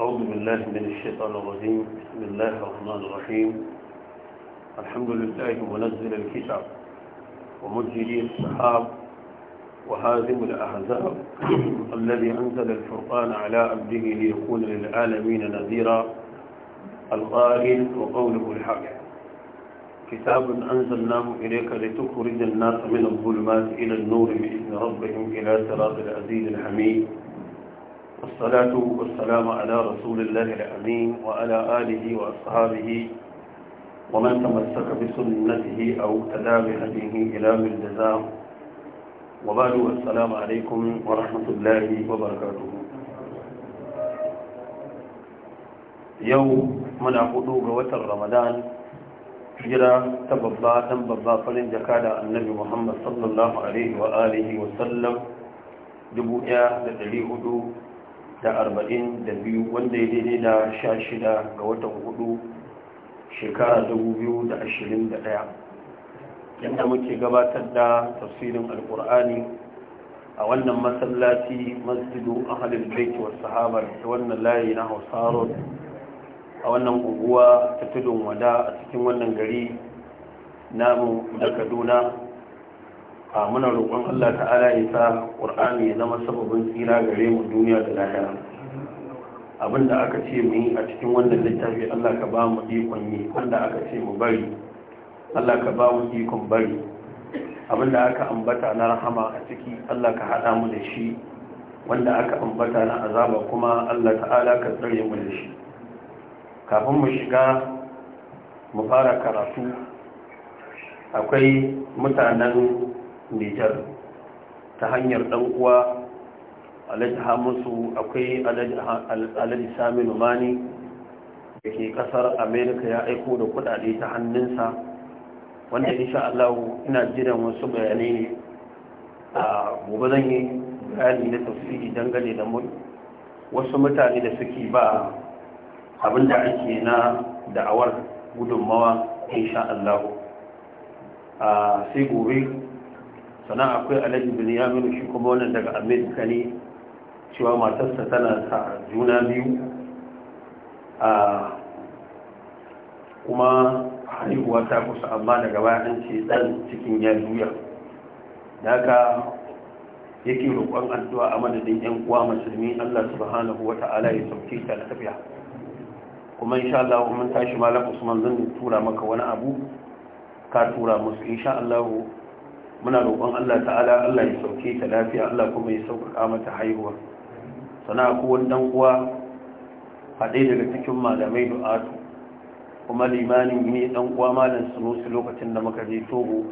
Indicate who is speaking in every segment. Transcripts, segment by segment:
Speaker 1: أعوذ بالله من الشيطان الرجيم بسم الله الرحمن الرحيم الحمد لله منزل الكتاب ومجري السحاب وهازم الأحزاب الذي أنزل الفرقان على عبده ليكون للعالمين نذيرا القائل وقوله الحق كتاب أنزلناه إليك لتخرج الناس من الظلمات إلى النور بإذن ربهم إلى صراط العزيز الحميد والصلاة والسلام على رسول الله الأمين وعلى آله وأصحابه ومن تمسك بسنته أو تلا بهديه إلى من جزاه وبعد السلام عليكم ورحمة الله وبركاته يوم من أخذوا وتر رمضان جرى ta babba dan babba farin jaka da annabi muhammad sallallahu alaihi wa alihi da arba'in da biyu wanda ya daidai da sha shida ga watan hudu shekara dubu biyu da ashirin da ɗaya yadda muke gabatar da tafsirin alkur'ani a wannan masallaci masjidu ahalin baiti wa sahabar da wannan layi na hausaro a wannan unguwa ta tudun wada a cikin wannan gari namu na kaduna a muna roƙon Allah ta'ala ya sa ƙur'ani ya zama sababin tsira gare mu duniya da lahira abin da aka ce mu yi a cikin wannan littafi Allah ka ba mu ikon yi wanda aka ce mu bari Allah ka ba mu ikon bari abin da aka ambata na rahama a ciki Allah ka haɗa mu da shi wanda aka ambata na azaba kuma Allah ta'ala ka tsare mu da shi kafin mu shiga mu fara karatu akwai mutanen nijar ta hanyar ɗan'uwa alhaji hamusu akwai alhaji sami numani da ke ƙasar amerika ya aiko da kudade ta hannunsa wanda insha Allah ina jiran wasu bayanai ne a gobe zan yi bayani na tafsiri dangane da wasu mutane da suke ba abinda ake na da'awar gudunmawa insha Allah sai gobe sannan akwai alhaji binyamin shi kuma wannan daga amerika ne cewa matarsa tana sa juna biyu a kuma haihuwa ta kusa amma daga baya an ce dan cikin ya juya da ka yake roƙon addu'a a madadin yan uwa musulmi Allah subhanahu wata'ala ya sauke ta tafiya kuma insha Allah mun tashi malam Usman zan tura maka wani abu ka tura musu insha Allah muna roƙon Allah ta'ala Allah ya sauke ta lafiya Allah kuma ya sauƙaƙa mata haihuwa sana ko wannan uwa haɗe daga cikin malamai du'atu kuma limanin ne dan uwa malam sunusi lokacin da muka je togo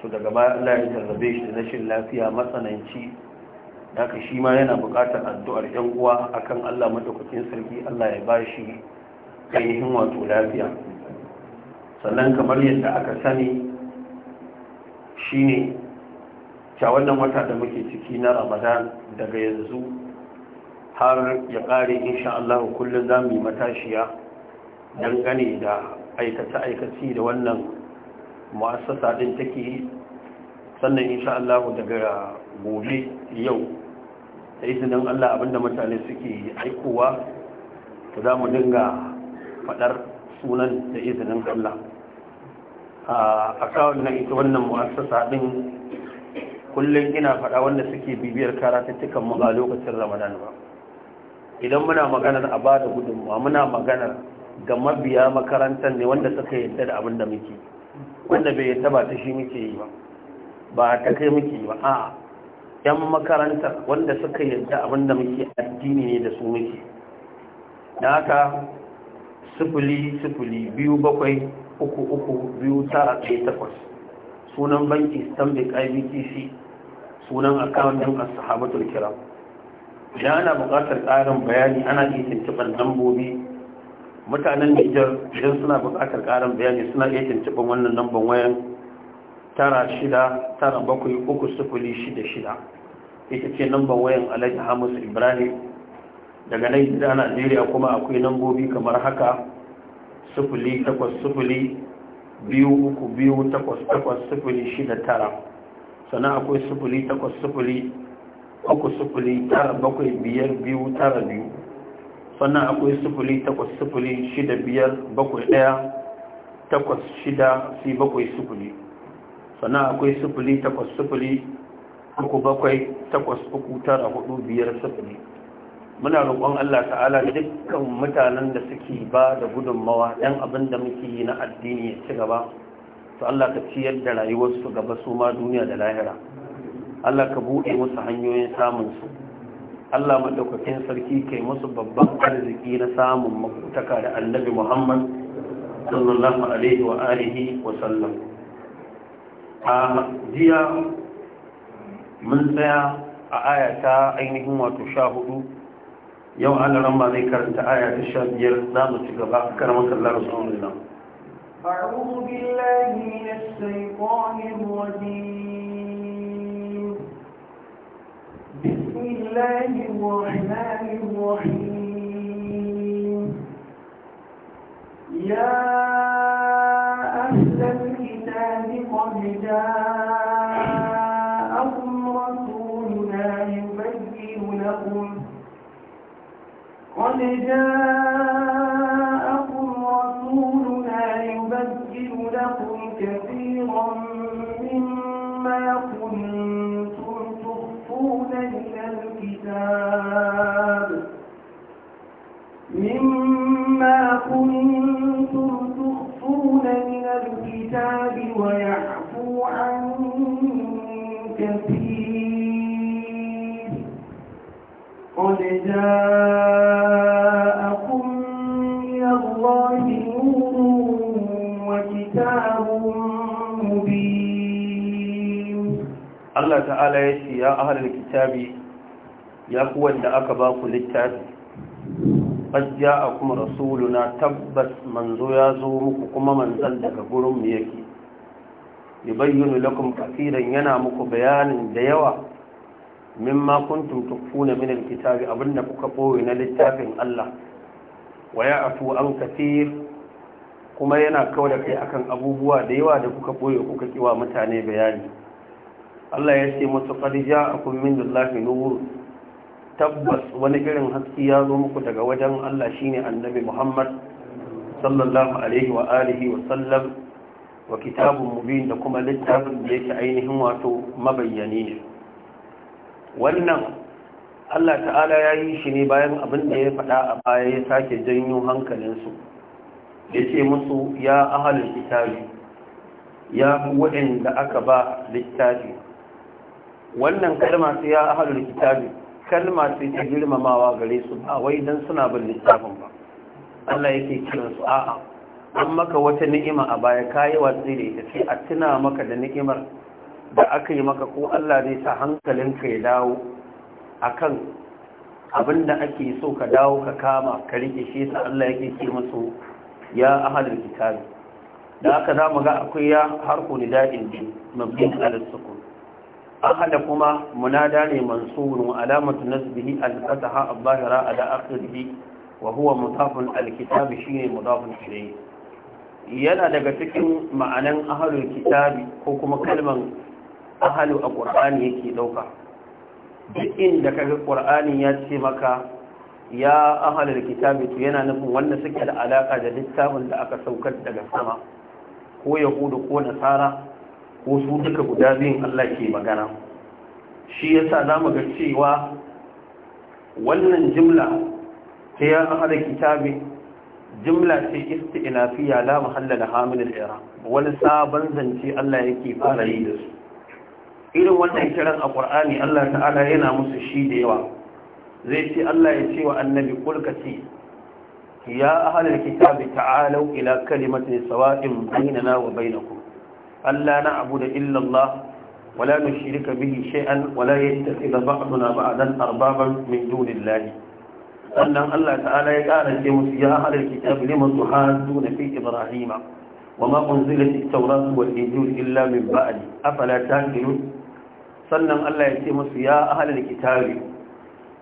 Speaker 1: to daga baya Allah ya jarrabe shi da rashin lafiya matsananci daga shi ma yana buƙatar addu'ar yan uwa akan Allah madaukakin sarki Allah ya bashi ainihin wato lafiya sannan kamar yadda aka sani shine ta wannan wata da muke ciki na ramadan daga yanzu har ya kare insha Allah kullum za mu yi matashiya dangane da aikace-aikace da wannan mu'assasa din take sannan insha Allah daga gobe yau da izinin Allah abinda mutane suke aikowa ta za mu dinga faɗar sunan da izinin Allah a kawon na ita wannan mu'assasa din kullum ina faɗa wanda suke bibiyar karatattukan mu a lokacin ramadan ba idan muna maganar a ba da gudunmuwa muna maganar ga mabiya makarantar ne wanda suka yadda da abin da muke wanda bai yadda ba ta shi muke yi ba ba ta kai muke yi ba a'a yan makarantar wanda suka yadda abin da muke addini ne da su muke Na haka sifili sifili biyu bakwai uku uku sunan banki stanbic ibtc sunan akawun ɗin sahabatul kiram idan ana buƙatar ƙarin bayani ana iya tuntuɓar lambobi mutanen nijar idan suna buƙatar ƙarin bayani suna iya tuntuɓar wannan lambon wayan tara shida tara bakwai uku sufuli shida ita ce lambon wayan alaƙi hamus ibrahim daga nan gida najeriya kuma akwai lambobi kamar haka sufuli takwas sufuli biyu uku biyu takwas takwas sufuli shida tara sannan akwai sufuli takwas sufuli uku sufuli tara bakwai biyar biyu tara biyu sannan akwai sufuli takwas sufuli shida biyar bakwai ɗaya takwas shida si bakwai sufuli sannan akwai sufuli takwas sufuli uku bakwai takwas uku tara hudu biyar sufuli muna roƙon Allah ta'ala dukkan mutanen da suke ba da gudunmawa ɗan abin da muke yi na addini ya ci gaba to Allah ka ciyar da rayuwarsu gaba su ma duniya da lahira Allah ka buɗe musu hanyoyin samun su Allah madaukakin sarki kai musu babban arziki na samun makutaka da annabi Muhammad sallallahu alaihi wa alihi wa sallam a jiya mun tsaya a ayata ainihin wato sha hudu yau alaran ba zai karanta aya ta sha biyar za mu ci gaba الله. kallar أعوذ بالله من الشيطان الرجيم بسم الله الرحمن الرحيم يا أهل الكتاب قد جاءكم رسولنا يبين لكم قد جاءكم رسولنا يبين لكم كثيرا مما كنتم تخفون من الكتاب مما كنتم تخفون من الكتاب ويعفو عن كثير قد جاءكم Allah ta'ala ya ce ya ahalar kitabi ya ku wanda aka ba ku littafi ajiya a kuma rasuluna tabbas manzo ya zo muku kuma manzan daga gurin mu yake ya bayyana lakum kafiran yana muku bayanin da yawa mimma kuntum tukfuna min alkitabi abinda kuka boye na littafin Allah wa ya'fu an kafir kuma yana kawai da kai akan abubuwa da yawa da kuka boye kuka kiwa mutane bayani Allah ya ce masu ƙarja a kummin lullahi nuwur tabbas wani irin haske ya zo muku daga wajen Allah shine annabi Muhammad sallallahu alaihi wa alihi wa sallam wa kitabun mubin da kuma littafin da yake ainihin wato mabayyani ne wannan Allah ta'ala ya yi shi ne bayan abin da ya faɗa a baya ya sake janyo hankalinsu ya ce musu ya ahalin littafi ya waɗanda aka ba littafi wannan kalma sai ya ahalul kitabi kalma sai ta girmamawa gare su ba wai dan suna bin littafin ba Allah yake kiran su a'a an maka wata ni'ima a baya kayi watsi da ita sai a tuna maka da ni'imar da aka yi maka ko Allah zai sa hankalinka ya dawo akan abin da ake so ka dawo ka kama ka rike shi sa Allah yake ce musu ya ahalul kitabi da aka zamu ga akwai ya harfu ni bi mabni ala sukun أحد كما منادى منصور علامة نسبه الفتحة الظاهرة على آخره وهو مضاف الكتاب شيء مضاف إليه yana daga cikin ma'anan ahalul kitabi ko kuma kalman ahalu a ƙur'ani yake ɗauka duk inda kaga ƙur'ani ya ce maka ya ahalul kitabi to yana nufin wanda suke da alaƙa da littafin da aka saukar daga sama ko yahudu ko nasara ko su duka guda biyun Allah ke magana shi yasa za mu ga cewa wannan jimla ta ya ahada kitabi jimla ce isti'nafiya la mahalla laha min al wani sabon zance Allah yake fara yi da su irin wannan kiran a Qur'ani Allah ta'ala yana musu shi da yawa zai ce Allah ya ce wa annabi kul ce ya ahlul kitabi ta'alu ila kalimatin sawa'in bainana wa bainakum alla abu da illallah. ولا نشرك به شيئا ولا يتخذ بعضنا بعضا أربابا من دون الله أن الله تعالى قال يا أهل الكتاب لم تحاجون في إبراهيم وما أنزلت التوراة والإنجيل إلا من بعد أفلا تاكلون sannan Allah ya ce musu ya ahalar kitabi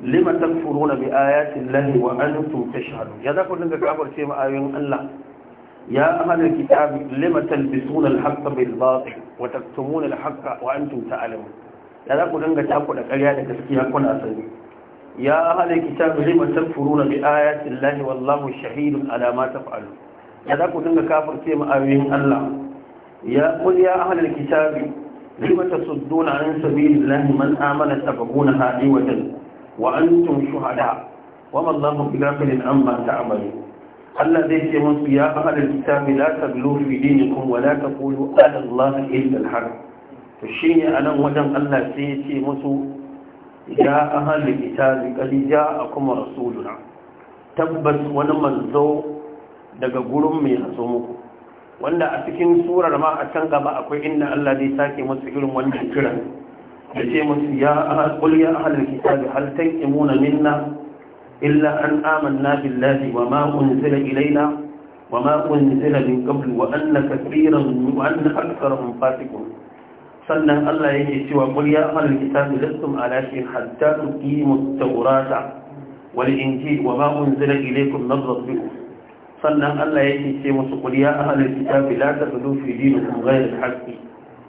Speaker 1: lima takfuruna bi ayatin lahi wa antum shahadu ya za ku dinga kafirce ce ayoyin Allah ya ahalar kitabi lima talbisuna al-haqqa bil wa taktumuna al-haqqa wa antum da za ku danga ta ku da ƙarya da gaskiya kuna sani ya ahli kitabi lima takfuruna bi ayati llahi wallahu shahidun ala ma taf'alun da za ku danga kafirce mu ayoyin Allah ya qul ya ahli kitabi lima tasudduna an sabilillahi man amana tabghuna hadiwatan wa antum shuhada Allah zai ce musu ya ahlul kitabi la taglu fi dinikum wa la taqulu ala Allah illa al-haq to shine anan wajen Allah sai ya ce musu ya ahlul kitabi qad ja'akum rasuluna tabbas wani manzo daga gurin mai haso muku wanda a cikin surar ma a can gaba akwai inda Allah zai sake musu irin wannan kiran da ce musu ya ahlul kitabi hal tanqimuna minna إلا أن آمنا بالله وما أنزل إلينا وما أنزل من قبل وأن كثيرا وأن أكثرهم فاسقون sannan Allah yake cewa qul ya ahlal kitabi lastum a shay'in hatta tuqimu at-taurata wal injil wa ma unzila ilaykum min rabbikum sannan Allah yake ce musu qul ya ahlal kitabi la taqulu fi dinikum ghayra al-haqqi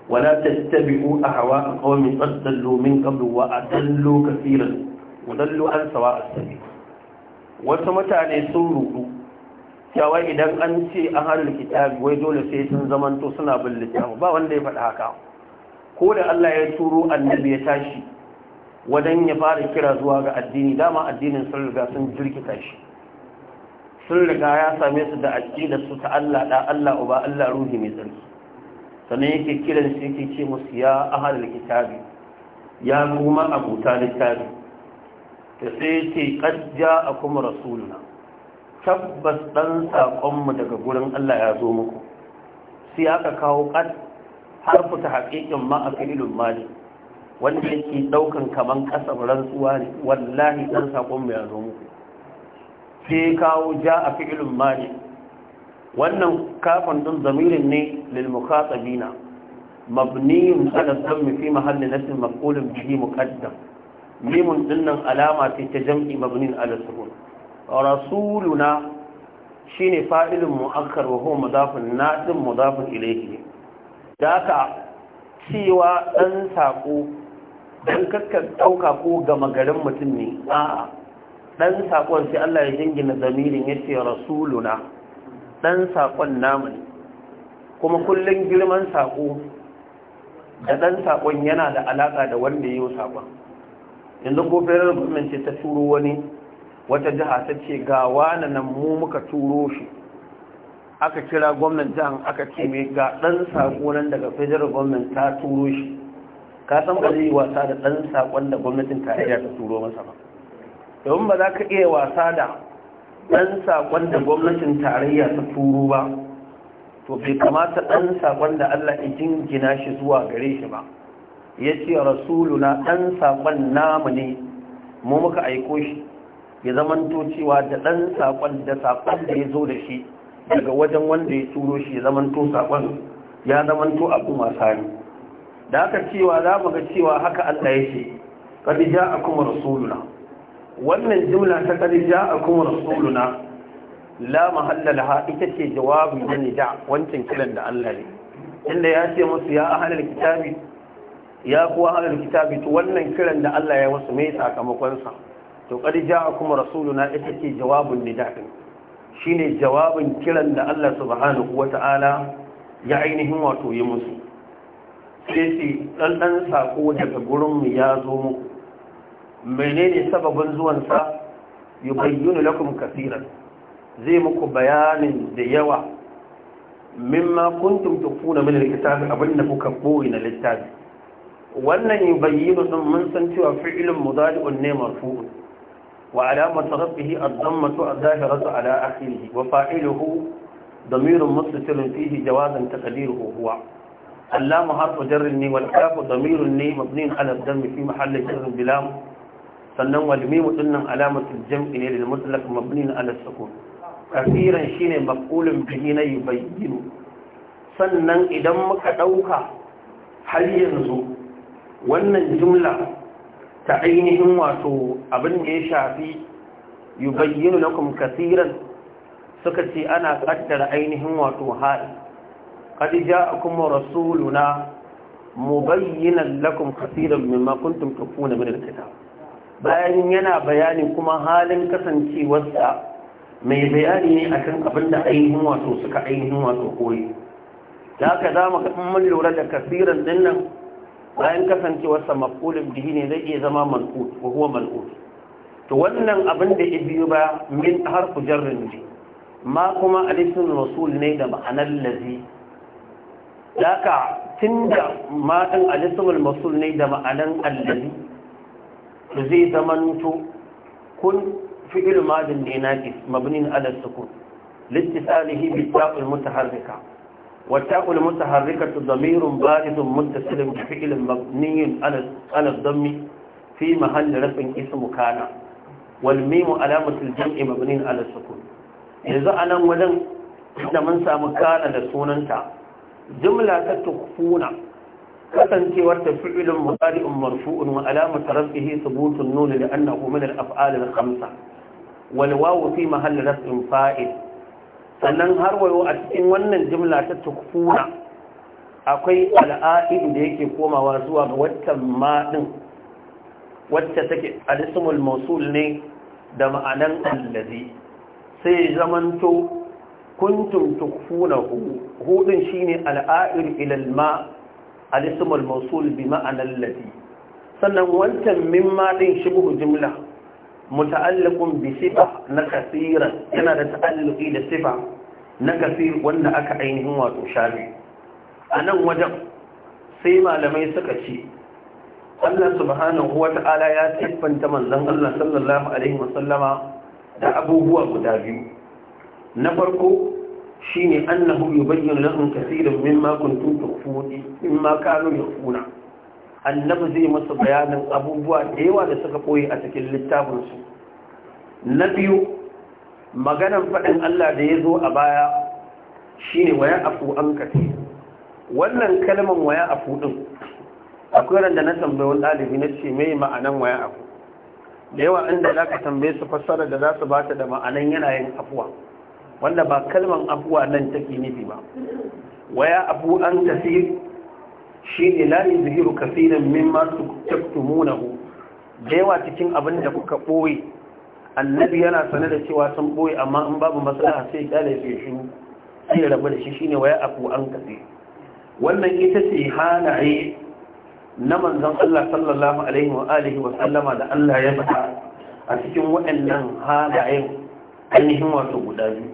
Speaker 1: wa la tattabi'u ahwa'a qawmin qad dallu min qablu wa wasu mutane sun rubu cewa idan an ce an harin kitabi wai dole sai sun zamanto suna bin littafi ba wanda ya faɗa haka ko da Allah ya turo annabi ya tashi wadan ya fara kira zuwa ga addini dama addinin sun riga sun jirkita shi sun riga ya same su da aƙidar su ta Allah da Allah uba Allah ruhi mai tsarki sannan yake kiran shi yake ce musu ya ahalul kitabi ya kuma abuta littafi da sai ce ƙajja a kuma rasuluna tabbas ɗan saƙonmu daga gurin Allah ya zo muku sai aka kawo ƙad har fita haƙiƙin ma a filin mali wanda yake ɗaukan kaman ƙasa rantsuwa ne wallahi ɗan saƙonmu ya zo muku sai kawo ja a filin mali wannan kafin ɗin zamirin ne lilmukatsabina mabniyin ala zammi fi mahallin nasin maqulun bihi muqaddam mimun dinnan alama ce ta jam'i mabnin ala sukun rasuluna shine fa'ilun mu'akkar wa huwa mudafun nadin mudafun ilayhi da cewa dan sako dan kakka dauka ko gama garin mutum ne a'a dan sakon sai Allah ya jingina zamirin yace rasuluna dan sakon namu kuma kullun girman sako da dan sakon yana da alaka da wanda yayi sakon yanzu ko federal government ce ta turo wani wata jiha ta ce ga wani nan mu muka turo shi aka kira gwamnan jihar aka ce mai ga ɗan saƙo nan daga federal government ta turo shi ka san ba zai yi wasa da ɗan saƙon da gwamnatin tarayya ta turo masa ba domin ba za ka iya wasa da ɗan saƙon da gwamnatin tarayya ta turo ba to bai kamata ɗan saƙon da allah ya jingina shi zuwa gare shi ba ya ce rasuluna ɗan saƙon namu ne mu muka aiko shi ya zamanto cewa da ɗan saƙon da saƙon da ya zo da shi daga wajen wanda ya turo shi ya zamanto saƙon ya zamanto abin wasa hari da aka cewa za mu ga cewa haka Allah ya ce ja a kuma rasuluna wannan jimla ta ja a kuma rasuluna la ha ita ce jawabi na nida wancan kiran da Allah ne inda ya ce musu ya ahalar kitabi ya kuwa halin kitabi to wannan kiran da Allah ya wasu mai sakamakonsa to qad kuma rasuluna ita ce jawabun nida'in shine jawabin kiran da Allah subhanahu wata'ala ya ainihin wato yi musu sai ce dan dan sako daga gurin mu ya zo mu menene sababin zuwan sa yubayyinu lakum kaseeran zai muku bayanin da yawa mimma kuntum tukuna min alkitabi abinda kuka koyi na littafi wannan yubayyinu din mun san cewa fi'ilun mudari'un ne marfu'un wa alamatu rabbihi ad-dammatu adh-dhahiratu ala akhirih wa fa'iluhu damirun mustatirun fihi jawazan taqdiruhu huwa اللام حرف جر والكاف ضمير ني مبني ala الدم في محل جر بلام sannan walmimu dinnan alamatul jam'i ne lil mutlaq mabni ala sukun kafiran shine maqulun bihi na yubayyinu sannan idan muka dauka har yanzu wannan jumla ta ainihin wato abin da ya shafi yubayyinu lakum kasiran suka ce ana kaddara ainihin wato hali a kuma rasuluna mubayyinan lakum kasiran mimma kuntum na min al bayan yana bayani kuma halin kasancewarsa mai bayani ne akan abin da ainihin wato suka ainihin wato koyi da haka za mu mun lura da kasiran dinnan bayan kasancewarsa maf'ulun bihi ne zai iya zama mal'ut ko huwa mal'ut to wannan abin da ya biyo ba min har jarrin ne ma kuma alifin rasul ne da ma'anar lazi daga tun da matan alifin rasul ne da ma'anar allazi zai nuto kun fi'il madin ne naqis mabni ala sukun littisalihi bi mutu harzika والتاء المتحركة ضمير بارد متصل بفعل مبني على الضم في محل رفع اسم كان والميم علامة الجمع مبني على السكون إذا أنا ولن إذا من سام كان لسوننتا جملة تخفون كتنكيوة فعل مضارع مرفوع وعلامة رفعه ثبوت النون لأنه من الأفعال الخمسة والواو في محل رفع فائل sannan har wayo a cikin wannan jimla ta tukuna akwai al'a'in da yake komawa zuwa ga waccan maɗin wacce take alismul mausul ne da ma'anan allazi sai zamanto kuntum tukfuna hudun shine al'a'ir ila al-ma alismul mausul bi ma'anan allazi sannan wancan mimma din shibhu jumla muta'alliqun bi sifa na kasiran yana da ta'alluqi da sifa na kasir wanda aka ainihin wato shafi a nan wajen sai malamai suka ce Allah subhanahu wata'ala ya siffanta manzon Allah sallallahu alaihi wasallama da abubuwa guda biyu na farko shine annahu yubayyinu lahum kaseeran mimma kuntum tukhfuna mimma kanu yakhfuna annabi zai masa bayanin abubuwa da yawa da suka koyi a cikin littafinsu na biyu maganan faɗin Allah da ya zo a baya shine waya afu an kace wannan kalmar waya afu din akwai da na tambayi wani ɗalibi na ce mai ma'anan waya afu da yawa inda za ka tambaye su fassara da za su ba ta da ma'anan yanayin afuwa wanda ba kalman afuwa nan take nufi ba waya afu an kace Shi shine la yuzhiru kaseeran mimma taktumunahu da yawa cikin abin da kuka ɓoye. annabi yana sane da cewa sun ɓoye amma in babu maslaha sai kyale sai shi sai rabu da shi shi ne waya afu an kasi wannan ita ce halaye na manzan Allah sallallahu alaihi wa alihi wa sallama da Allah ya faɗa a cikin waɗannan halayen ainihin wasu guda biyu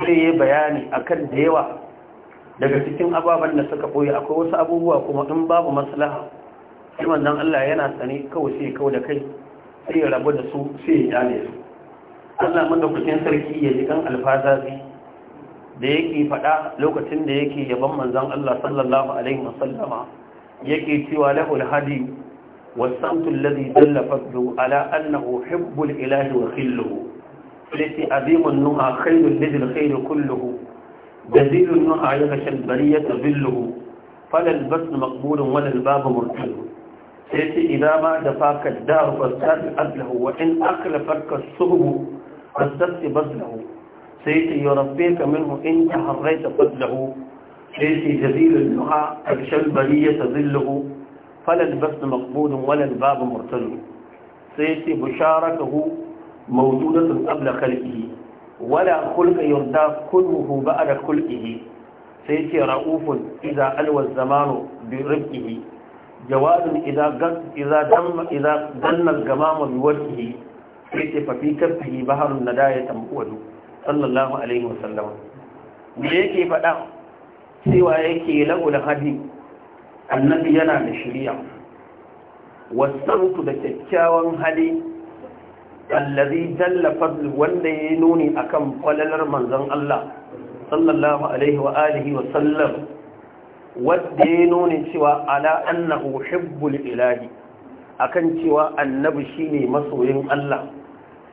Speaker 1: zai yi bayani akan da yawa daga cikin ababen da suka ɓoye akwai wasu abubuwa kuma in babu maslaha sai manzon Allah yana sani kawai sai kawai da kai sai ya rabu da su sai ya dane su Allah madaukakin sarki ya ji kan alfazazi da yake faɗa lokacin da yake yaban manzon Allah sallallahu alaihi wasallama yake cewa lahul hadi والصمت الذي دل فضله على أنه حب الإله وخله التي أديم النهى خير الذي الخير kulluhu. جزيل النهى يغشى البرية ظله فلا البسن مقبول ولا الباب مرتل سيتي إذا ما دفاك الدار فاستاذ أبله وإن فك الصهب فاستاذ بذله سيتي يربيك منه إن تحريت فضله سيتي جزيل النهى يغشى البرية ظله فلا البسن مقبول ولا الباب مرتل سيتي بشارته موجودة قبل خلقه wala kulka yurda kulluhu ba'da kulqihi sai ce ra'ufun idza alwa zamanu bi rifqihi jawadun idza gad idza damma idza danna al-gamamu bi wajhihi sai ce fa fi kaffihi baharun nadaya tamwadu sallallahu alaihi wasallam me yake faɗa cewa yake lahu hadi annabi yana da shari'a wasantu da kyakkyawan hali allazi jalla wanda ya nuni akan falalar manzon Allah sallallahu alaihi wa alihi wa sallam wanda ya nuni cewa ala annahu hubbul ilahi akan cewa annabi shine masoyin Allah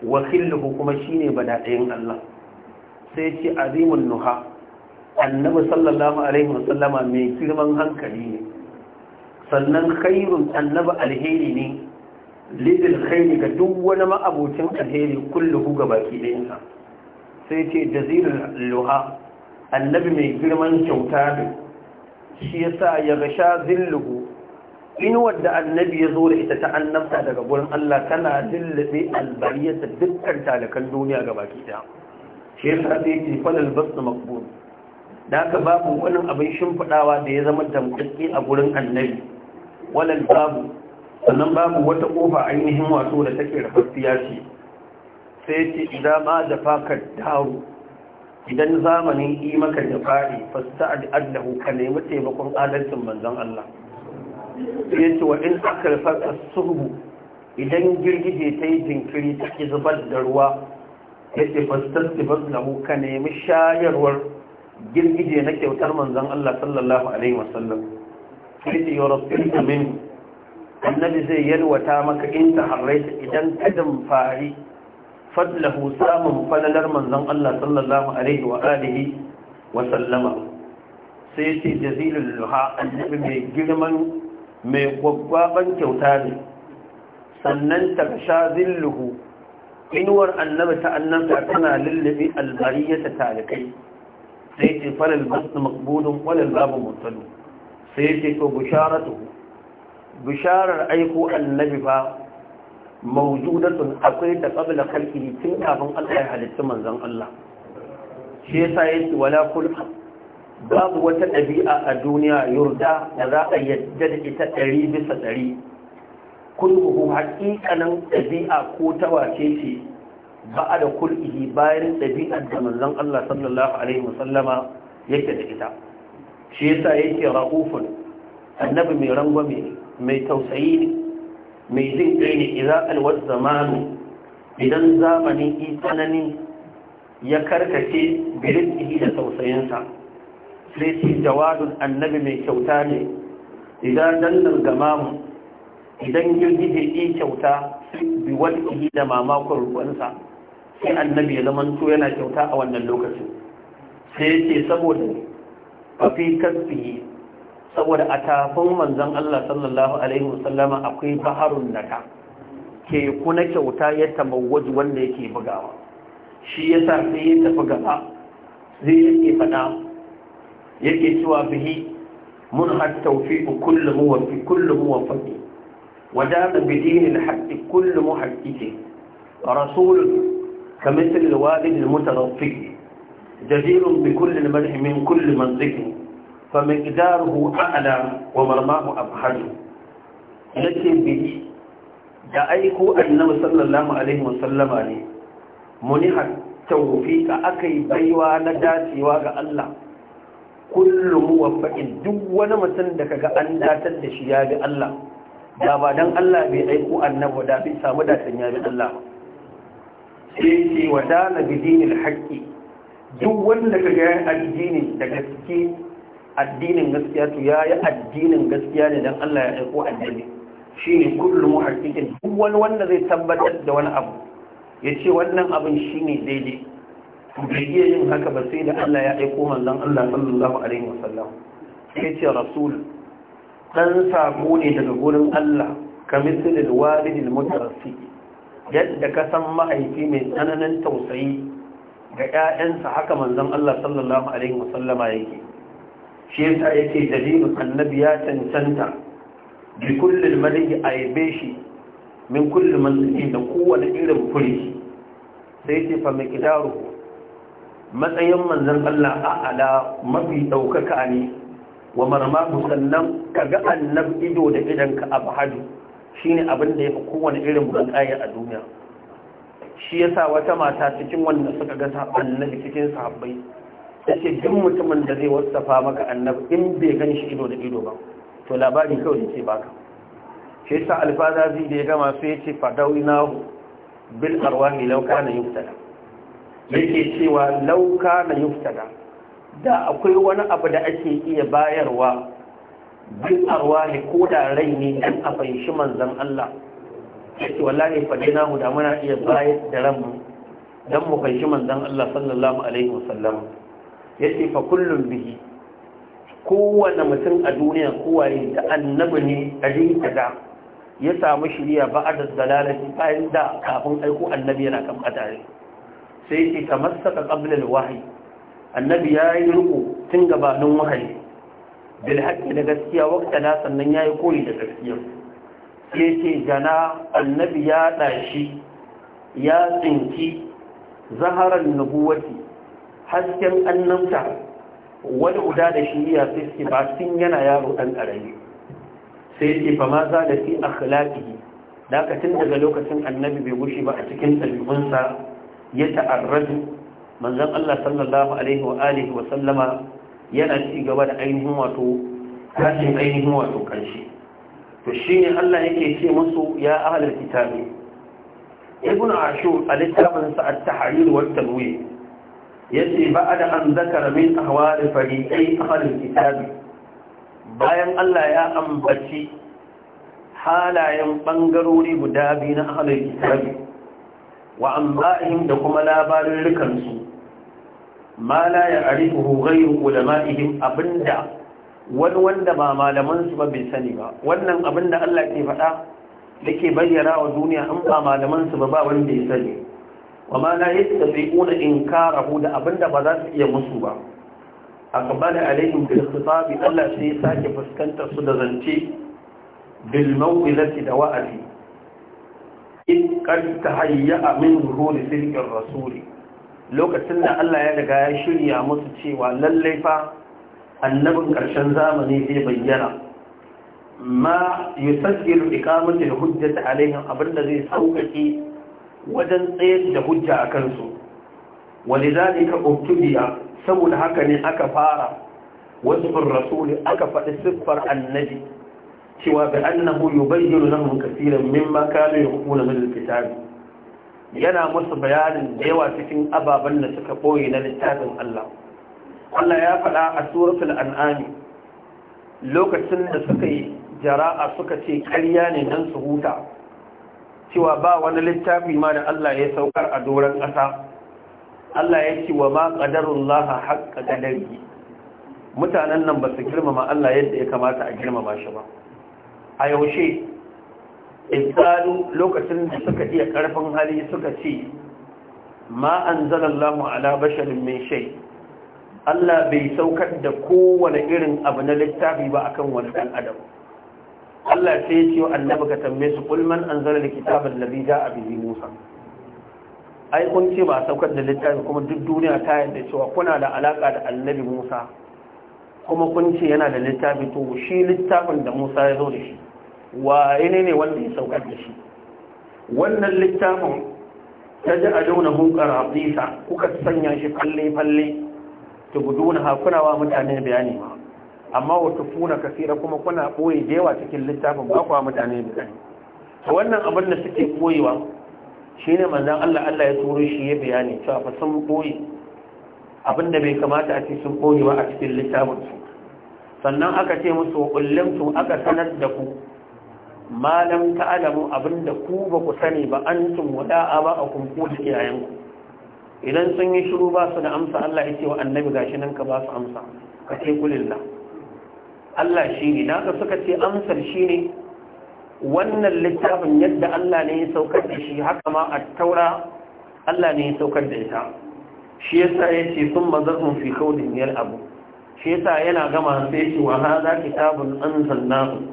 Speaker 1: wa khilluhu kuma shine bada'in Allah sai ce azimun nuha annabi sallallahu alaihi wa sallama mai girman hankali ne sannan khairun annabi alheri ne lidil khairi ga duk wani ma'abocin alheri kulluhu ga baki ɗayansa sai ce jazirul luha annabi mai girman kyauta da shi yasa ya gasha zilluhu in wadda annabi ya zo da ita ta annabta daga gurin Allah tana zillube albariyarta dukkan talakan duniya ga baki ɗaya shi yasa sai ce falal basu maqbul da ka babu wani abin shimfiɗawa da ya zama damƙaƙƙe a gurin annabi walal babu sannan babu wata kofa ainihin wato da take rafaffiya ce sai ce idan ma da fakar dawo idan zamanin yi maka da fari fasta adlahu ka nemi taimakon adalcin manzon Allah sai ce wa in akal fakar suhu idan girgije ta yi jinkiri ta ki zubar da ruwa ya ce fastar lahu ka nemi shayarwar girgije na kyautar manzon Allah sallallahu alaihi wasallam sai ce yau rasulun min annabi zai yalwata maka in taharraita idan ka damfari fadlahu samun falalar manzon Allah sallallahu alaihi wa alihi wa sallama sai ce jazilul luha annabi mai girman mai gwaggwaban kyauta ne sannan ta sha zilluhu inuwar annabi ta annabta tana lullube albariyata talikai sai ce falal basu makbudun walal babu mutalu sai ce to bisharatu bisharar aiko annabi ba mawjudatun akwai da qabla khalqihi tun kafin Allah ya halitta manzon Allah shi yasa yake wala kullu babu wata ɗabi'a a duniya yurda da za a yadda da ita ɗari bisa ɗari kulhu haƙiƙanin ɗabi'a ko ta ce ba a da kulhi bayan dabi'ar da manzon Allah sallallahu alaihi wasallama yake da ita shi yasa yake ra'ufun annabi mai rangwame ne mai tausayi ne mai jin kai ne idan alwar zamanu idan zamanin itanani ya karkace birin ihi da tausayinsa sai ce jawadun annabi mai kyauta ne idan gama gamamu idan girgije yi kyauta bi walƙihi da mamakon rukunsa sai annabi ya to yana kyauta a wannan lokacin sai ce saboda fafi kasfihi saboda a tafin manzon Allah sallallahu alaihi wasallama akwai baharun naka ke kuna kyauta ya tamawwaji wanda yake bugawa shi ya sarfe ya tafi gaba zai yake fada yake cewa bihi mun hattawfi kullu muwaffi kullu muwaffaqi wada bidinil haqqi kullu muhaqqiqi rasulun كمثل الوالد المترفق جدير بكل المدح من كل منزل فمقداره أعلى ومرماه أبحر لكن به da aiko annabi sallallahu alaihi wasallama ne munihat tawfiqa akai baiwa na dacewa ga Allah kullu muwaffaqin duk wani mutum da kaga an datar da shi ya bi Allah da ba dan Allah bai aiko annabi da bai samu datan ya bi Allah sai ce wa dana bi dinil haqqi duk wanda kaga addini da gaske addinin gaskiya to ya yi addinin gaskiya ne don Allah ya aiko addini shi ne kullum duk wani wanda zai tabbatar da wani abu ya ce wannan abin shi ne daidai bai yin haka ba sai da Allah ya aiko manzon Allah sallallahu alaihi wasallam ya ce rasul dan sako ne daga gurin Allah ka misalin walidin mutarasi yadda ka san ma'aiki mai tsananin tausayi ga 'ya'yansa haka manzon Allah sallallahu alaihi wasallama yake shi yasa yake dalilin annabi ya cancanta bi kullum maliki a yabe shi min kullum manzili da kowane irin kuri sai ce fa kidaru matsayin manzon Allah a ala mafi daukaka ne wa marmahu sannan ga annab ido da idan ka abhadu shine abin da yafi kowane irin bukaya a duniya shi yasa wata mata cikin wanda suka ga annabi cikin sahabbai ce duk mutumin da zai wasafa maka annabi in bai gan shi ido da ido ba to labari kawai yake baka shi yasa zai da ya gama sai ya ce hu bil na law kana yuftada yake cewa lauka na yuftada da akwai wani abu da ake iya bayarwa bil ne ko da rai ne dan a fahimci manzon Allah yake wallahi fadina mu da muna iya bayar da ranmu dan mu fahimci manzon Allah sallallahu alaihi wasallam Ya fa kullun bihi kowane mutum a duniya kowaye da annabi ne ɗari kaza ya samu shirya ba a da dalalati bayan da kafin aiko annabi yana kan ne sai yake kamar saka ƙablil wahayi annabi ya yi riko tun gabanin wahayi bil haƙƙi da gaskiya wakta na sannan ya yi koyi da gaskiya sai yake jana annabi ya ɗashi ya tsinki zaharar nubuwati hasken annamta wani uda da shi ya fiski ba sun yana yaro ɗan ƙarami sai yake fa ma za da fi akhlaqihi tun daga lokacin annabi bai gushi ba a cikin ɗalibinsa ya ta'arradu manzan Allah sallallahu alaihi wa alihi wa sallama yana ci gaba da ainihin wato kashin ainihin wato kanshi to shine Allah yake ce musu ya ahlul kitabi ibn ashur a littafin sa at-tahrir wa at-tanwir yace ba'ad an zakara min ahwal fariqai ahlul kitab bayan Allah ya ambaci halayen bangarori guda biyu na ahlul kitab wa amba'ihim da kuma labarin rikansu ma la ya'rifuhu ghayru ulama'ihim abinda wani wanda ba malaman su ba bai sani ba wannan abinda Allah ke faɗa da ke bayyana wa duniya an ba malaman su ba ba wanda ya sani wa ma la yastati'una inkarahu da abinda ba za su iya musu ba aqbala alaihim bil khitab Allah sai sake fuskantar su da zance bil mawilati da wa'azi in kad tahayya min ruhi sirrin rasuli lokacin da Allah ya daga ya shirya musu cewa lallai fa annabin karshen zamani zai bayyana ma yusajjiru iqamati al-hujjati alaihim abinda zai sauƙaƙe wajen tsayar da hujja a kansu wani ka uktubiya saboda haka ne aka fara Wasu rasuli aka faɗi siffar annabi cewa bi annahu yubayyiru lahum kaseeran mimma kanu yaquluna min al yana musu bayanin da yawa cikin ababen da suka ɓoye na littafin Allah Allah ya faɗa a suratul an'ami lokacin da suka yi jara'a suka ce ƙarya ne nan su huta cewa ba wani littafi ma da Allah ya saukar a doron ƙasa Allah ya ce wa ma ƙadarun laha haƙƙa ƙadari mutanen nan ba su girmama Allah yadda ya kamata a girmama shi ba a yaushe isalu lokacin da suka iya ƙarfin hali suka ce ma an zalallahu ala basharin min shai Allah bai saukar da kowane irin abu na littafi ba akan wani ɗan adam Allah sai ya ce wa annabi ka tambaye su kul man anzala alkitaba allazi ja'a bihi Musa ai kun ce ba saukar da littafi kuma duk duniya ta yadda cewa kuna da alaka da annabi Musa kuma kun ce yana da littafi to shi littafin da Musa ya zo da shi waye ne ne wanda ya saukar da shi wannan littafin ta ji a jauna hunkar hafisa kuka sanya shi falle-falle ta guduna hakunawa mutane bayani ba amma wata funa kasira kuma kuna ɓoye da cikin littafin ba kuwa mutane to wannan abin da suke ɓoyewa shi ne manzan Allah Allah ya turo shi ya bayani cewa fa sun ɓoye abin da bai kamata a ce sun ɓoye a cikin littafin su sannan aka ce musu su aka sanar da ku malam adamu abin da ku ba ku sani ba an tun a ba a kunku da iyayenku idan sun yi shiru ba su da amsa Allah ya ce wa annabi gashi nan ka ba su amsa ka ce kulillah Allah shi ne na suka ce amsar shi ne wannan littafin yadda Allah ne ya saukar da shi haka ma a taura Allah ne ya saukar da ita shi yasa ya ce sun mazarun fi kaudin yal abu shi yasa yana gama sai ya ce wa haza kitabun anzalnahu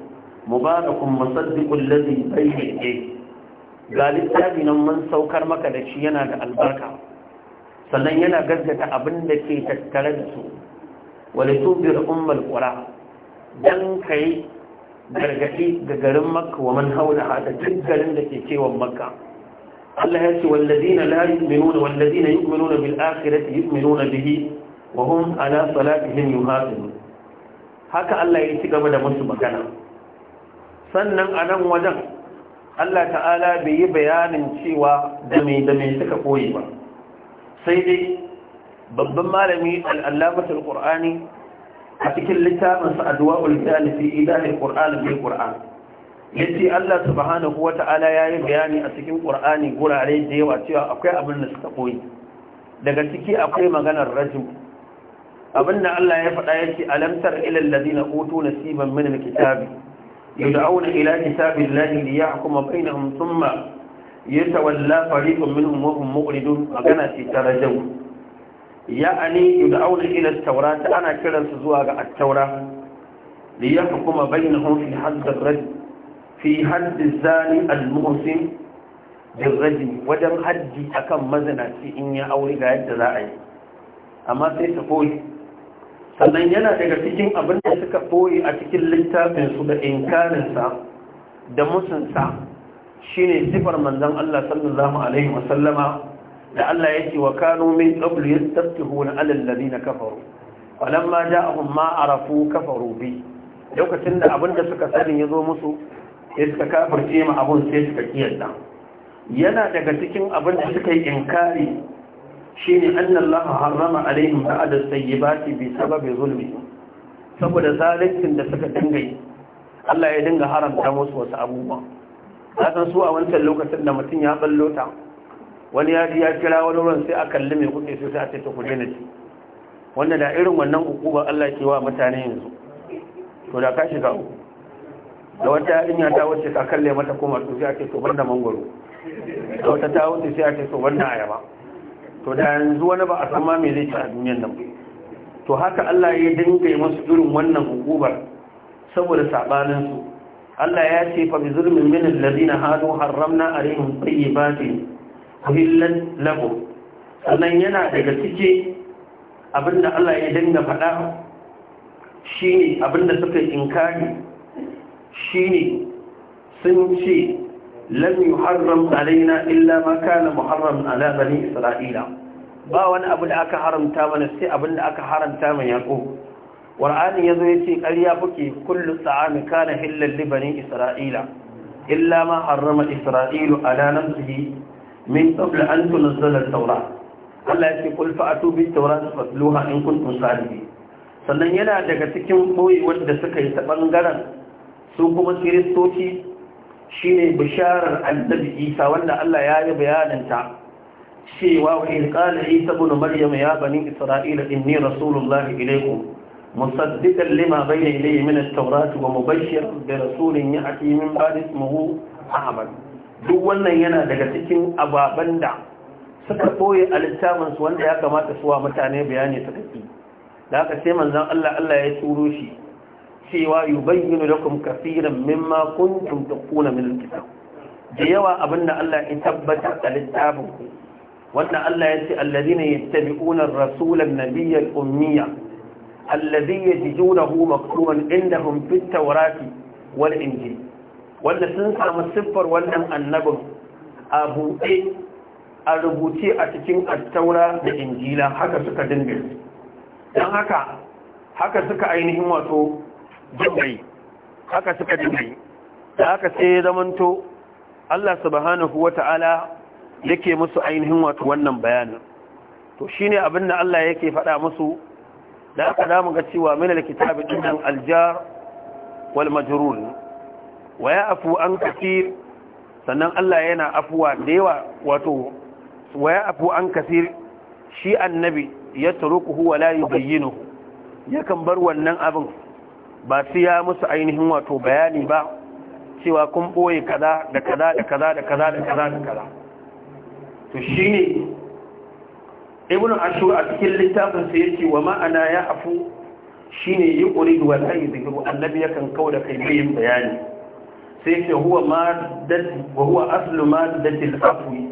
Speaker 1: mubarakun musaddiqul ladhi bayna yadayhi ga littafi nan mun saukar maka da shi yana da albarka sannan yana gaggata abin da ke tattare da su wale tubir ummal qura dan kai gargaɗi ga garin makka wa man haula da duk garin da ke kewan makka Allah ya ce wallazina la yu'minuna wallazina yu'minuna bil akhirati yu'minuna bihi wa hum ala salatihim yuhafizun haka Allah ya ci gaba da musu magana sannan a nan wajen Allah ta'ala bai yi bayanin cewa da mai da mai suka koyi ba sai dai babban malami al'allamatul qur'ani a cikin littafinsa addu'a'ul jali fi ilahi qur'an fi Ya ce Allah subhanahu wata'ala yi bayani a cikin ƙur'ani gurare da yawa cewa akwai abin da suka koyi daga ciki akwai maganar Raju. abin da Allah ya faɗa yace alam tar ila na utu nasiban min alkitabi auna ila kitabillahi liyahkuma bainahum thumma yatawalla fariqun minhum wa hum mu'ridun magana ce ta rajul ya'ani yud'auna ila at taurata ana kiransu zuwa ga at-taura li yahkuma bainahum fi hadd ar-rajm fi hadd az-zani al-muhsin bil-rajm wajen haddi akan mazinaci in ya aure ga yadda za a yi amma sai ta koyi sannan yana daga cikin abin da suka koyi a cikin littafinsu da inkarinsa da musunsa shine sifar manzon Allah sallallahu alaihi wasallama da Allah ya ce wa kanu min tafi yastafihuna ala alladhina kafaru falamma ja'ahum ma arafu kafaru bi lokacin da abinda suka sani yazo musu sai suka kafirce ma abun sai suka kiyarda yana daga cikin abinda suka yi inkari shine anna Allah harrama alaihim ba'd sayyibati bi sababi zulmi saboda zalincin da suka dinga yi Allah ya dinga haramta musu wasu abubuwa kasan su a wancan lokacin da mutum ya ballota wani ya ji ya kira wani ruwan sai a kalli mai kuɗi sai a ce ta kuɗi na ci wanda da irin wannan hukuma Allah ke wa mutane yanzu to da ka shiga uku
Speaker 2: da wata yarinya ta
Speaker 1: wuce ka kalle mata kuma to sai a ce to banda mangoro da wata ta wuce sai a ce to banda ayaba to da yanzu wani ba a san ma me zai ci a duniyar nan to haka Allah ya dinga yi masu irin wannan hukumar saboda sabanin su Allah ya ce fa bi zulmin min alladhina hadu harramna alaihim tayyibatin kuhillan lahu sannan yana daga cike abinda Allah ya dinga faɗa Shi shine abinda suka inkari ne. sun ce lam yuharram alaina illa ma kana muharram ala isra'ila ba wani abu da aka haramta mana sai abin da aka haramta mana yaqub ƙwar'ani ya zo ya ce ƙarya kuke kullu tsa'ami kana hillar libanin isra'ila illa ma harrama isra'ilu su yi. min qabla an tunzala at-taura Allah ya ce qul fa'atu bit tawrat fatluha in kuntum sadiqin sannan yana daga cikin boye wanda suka yi ta bangaren su kuma kiristoci shine bisharar annabi Isa wanda Allah ya yi bayananta cewa wa in qala Isa ibn Maryam ya bani Isra'ila inni rasulullahi ilaykum مصدقا لما بين يديه من التوراة ومبشرا برسول يأتي من بعد اسمه أحمد duk wannan yana daga cikin ababen da suka ɓoye a littafinsu wanda ya kamata suwa mutane bayani suka ƙi da aka sai manzan Allah Allah ya turo shi cewa yi bayyana da kuma kafiran mimma kun tuntukuna min kitab da yawa abinda Allah ya tabbatar a littafin ku wanda Allah ya ce allazina yattabi'una rasulan nabiyyal ummiya allazi yajidunahu maktuban indahum fit tawrati wal injil wanda sun samu siffar wannan annabin a buɗe a rubuce a cikin attaura da injila haka suka dinga don haka haka suka ainihin wato dingai haka suka dingai da haka sai zamanto Allah subhanahu wata'ala yake musu ainihin wato wannan bayanin to shine abin da Allah yake faɗa musu da aka mu ga cewa minal kitabi dinan aljar wal majrur wa ya afu an kasir sannan Allah yana afuwa da yawa wato wa ya afu an kasir shi annabi ya tarukuhu wa la yubayyinuhu yakan bar wannan abin ba su ya musu ainihin wato bayani ba cewa kun boye kaza da kaza da kaza da kaza da kaza da kaza to shine ibnu ashu a cikin littafin sa yace wa ma'ana ya afu shine yuqridu wa la yudhiru annabi yakan kauda kai bayin bayani sai ce huwa maddati wa huwa aslu maddati al-afwi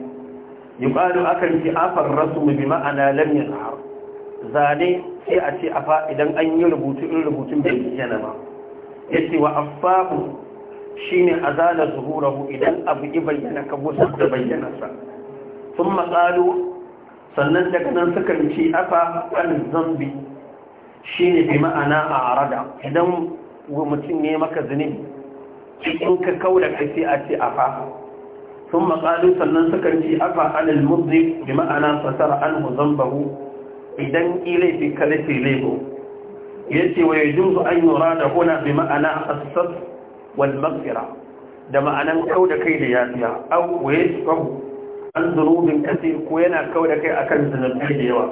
Speaker 1: yuqalu akan fi afar rasm bi ma'ana lam yazhar zane sai a ce afa idan an yi rubutu in rubutun bai bayyana ba yace wa afahu shine azala zuhurahu idan abu ya bayyana ka gusa da bayyana sa thumma qalu sannan daga nan suka ce afa al zambi ne bi ma'ana a a'rada idan mutum ne maka zunubi in ka kauda kai sai a ce afa sun makalu sannan sukan ce afa alal muzdi bi ma'ana fasara an zambahu idan ilaifi ka lafi laifu ya ce wa ya su an yura da huna bi ma'ana asas wal maghfira da ma'anan da kai da yafiya au wa yasfahu an zunubin kasir ko yana da kai akan zunubi da yawa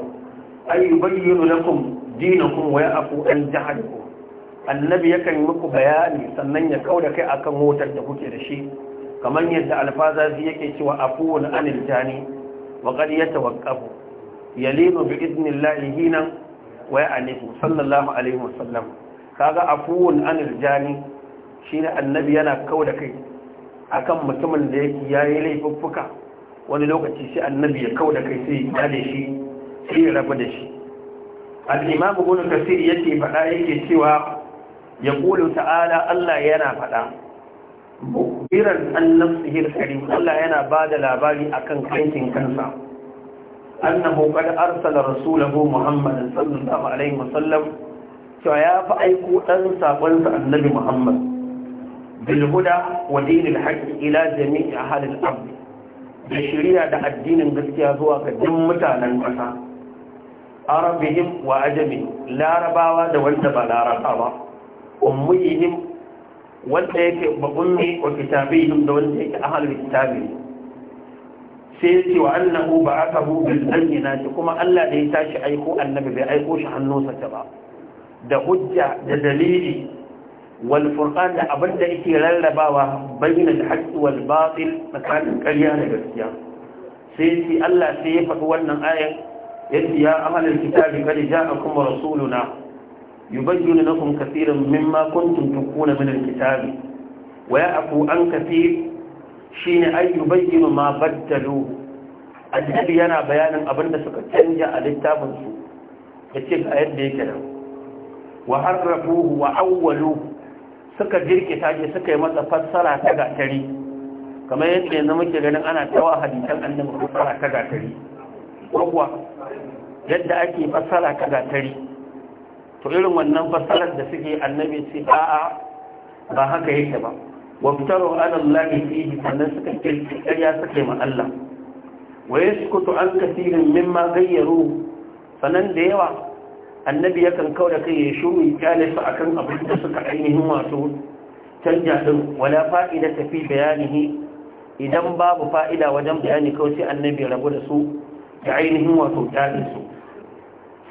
Speaker 1: ay yubayyinu lakum dinakum wa ya'fu an jahalikum annabi yakan yi muku bayani sannan ya kau da kai akan motar da kuke da shi kamar yadda alfazazi yake cewa afuwun anil jani wa qad yatawaqqafu yalinu bi idnillahi hina wa ya'nifu sallallahu alaihi wasallam kaga afuwun anil jani shine annabi yana kau da kai akan mutumin da yake yayi laifuffuka wani lokaci sai annabi ya kau da kai sai ya da shi sai ya rabu da shi al-imam ibn kasir yake faɗa yake cewa ya ƙulu ta'ala Allah yana faɗa Biran annan sihir karim Allah yana ba da labari a kan kankin kansa annahu qad arsala rasulahu muhammadan sallallahu alaihi wasallam cewa ya fi aiko ɗan saƙonsa annabi Muhammad bilhuda wa dinin haƙi ila jami'i a halin abu da shirya da addinin gaskiya zuwa ga duk mutanen ƙasa arabihim wa ajami larabawa da wanda ba laraba ba ummihim wanda yake ba ummi wa kitabihim da wanda yake ahlul kitabi sai ya ce wa annahu ba'athahu bil bayyinati kuma Allah da ya tashi aiko annabi bai aiko shi hannunsa ta ba da hujja da dalili wal furqan da abinda yake rarrabawa bayyana da haqq wal batil tsakanin ƙarya da gaskiya sai ce Allah sai ya faɗi wannan ayar yace ya ahlul kitabi qad ja'akum rasuluna yubayyinu lakum kaseeran mimma kuntum tukuna min alkitabi wa ya'fu an kaseer shine ay yubayyinu ma baddalu annabi yana bayanin abinda suka canja a littafin su yace ga yadda yake da wa harrafuhu wa awwalu suka jirkita shi suka yi masa fassara ta gatari kamar yadda yanzu muke ganin ana tawa hadisan annabi fassara ta gatari ko kuwa yadda ake fassara ta gatari to irin wannan fasalar da suke annabi ce a'a ba haka yake ba wabtaru ala Allah fihi sannan suka kirki ƙarya suka yi ma Allah wa yaskutu an kathirin mimma gayyaru Sannan da yawa annabi yakan da kai ya shuru kyale su akan abin da suka ainihin wato canja din wala fa'ida ta fi bayanihi idan babu fa'ida wajen bayani kawai sai annabi rabu da su da ainihin wato kyale su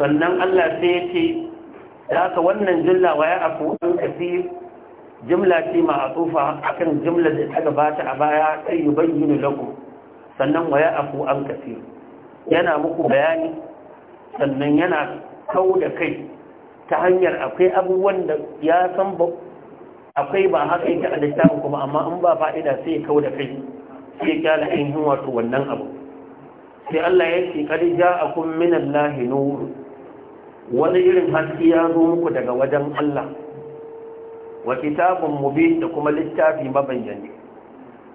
Speaker 1: sannan Allah sai ya ce da haka wannan jumla wa ya afu an kasir jumla ce ma'atufa akan jumla da ta gabata a baya sai yubayyinu lagu sannan wa ya afu an kasir yana muku bayani sannan yana kau da kai ta hanyar akwai abubuwan da ya san ba akwai ba haka yake a littafin kuma amma in ba fa'ida sai ya kau da kai sai ya kyala ainihin wato wannan abu sai Allah ya ce kadi ja'akum min Allah nuru wani irin haske ya zo muku daga wajen Allah wa kitabun mubin da kuma littafi mabayyani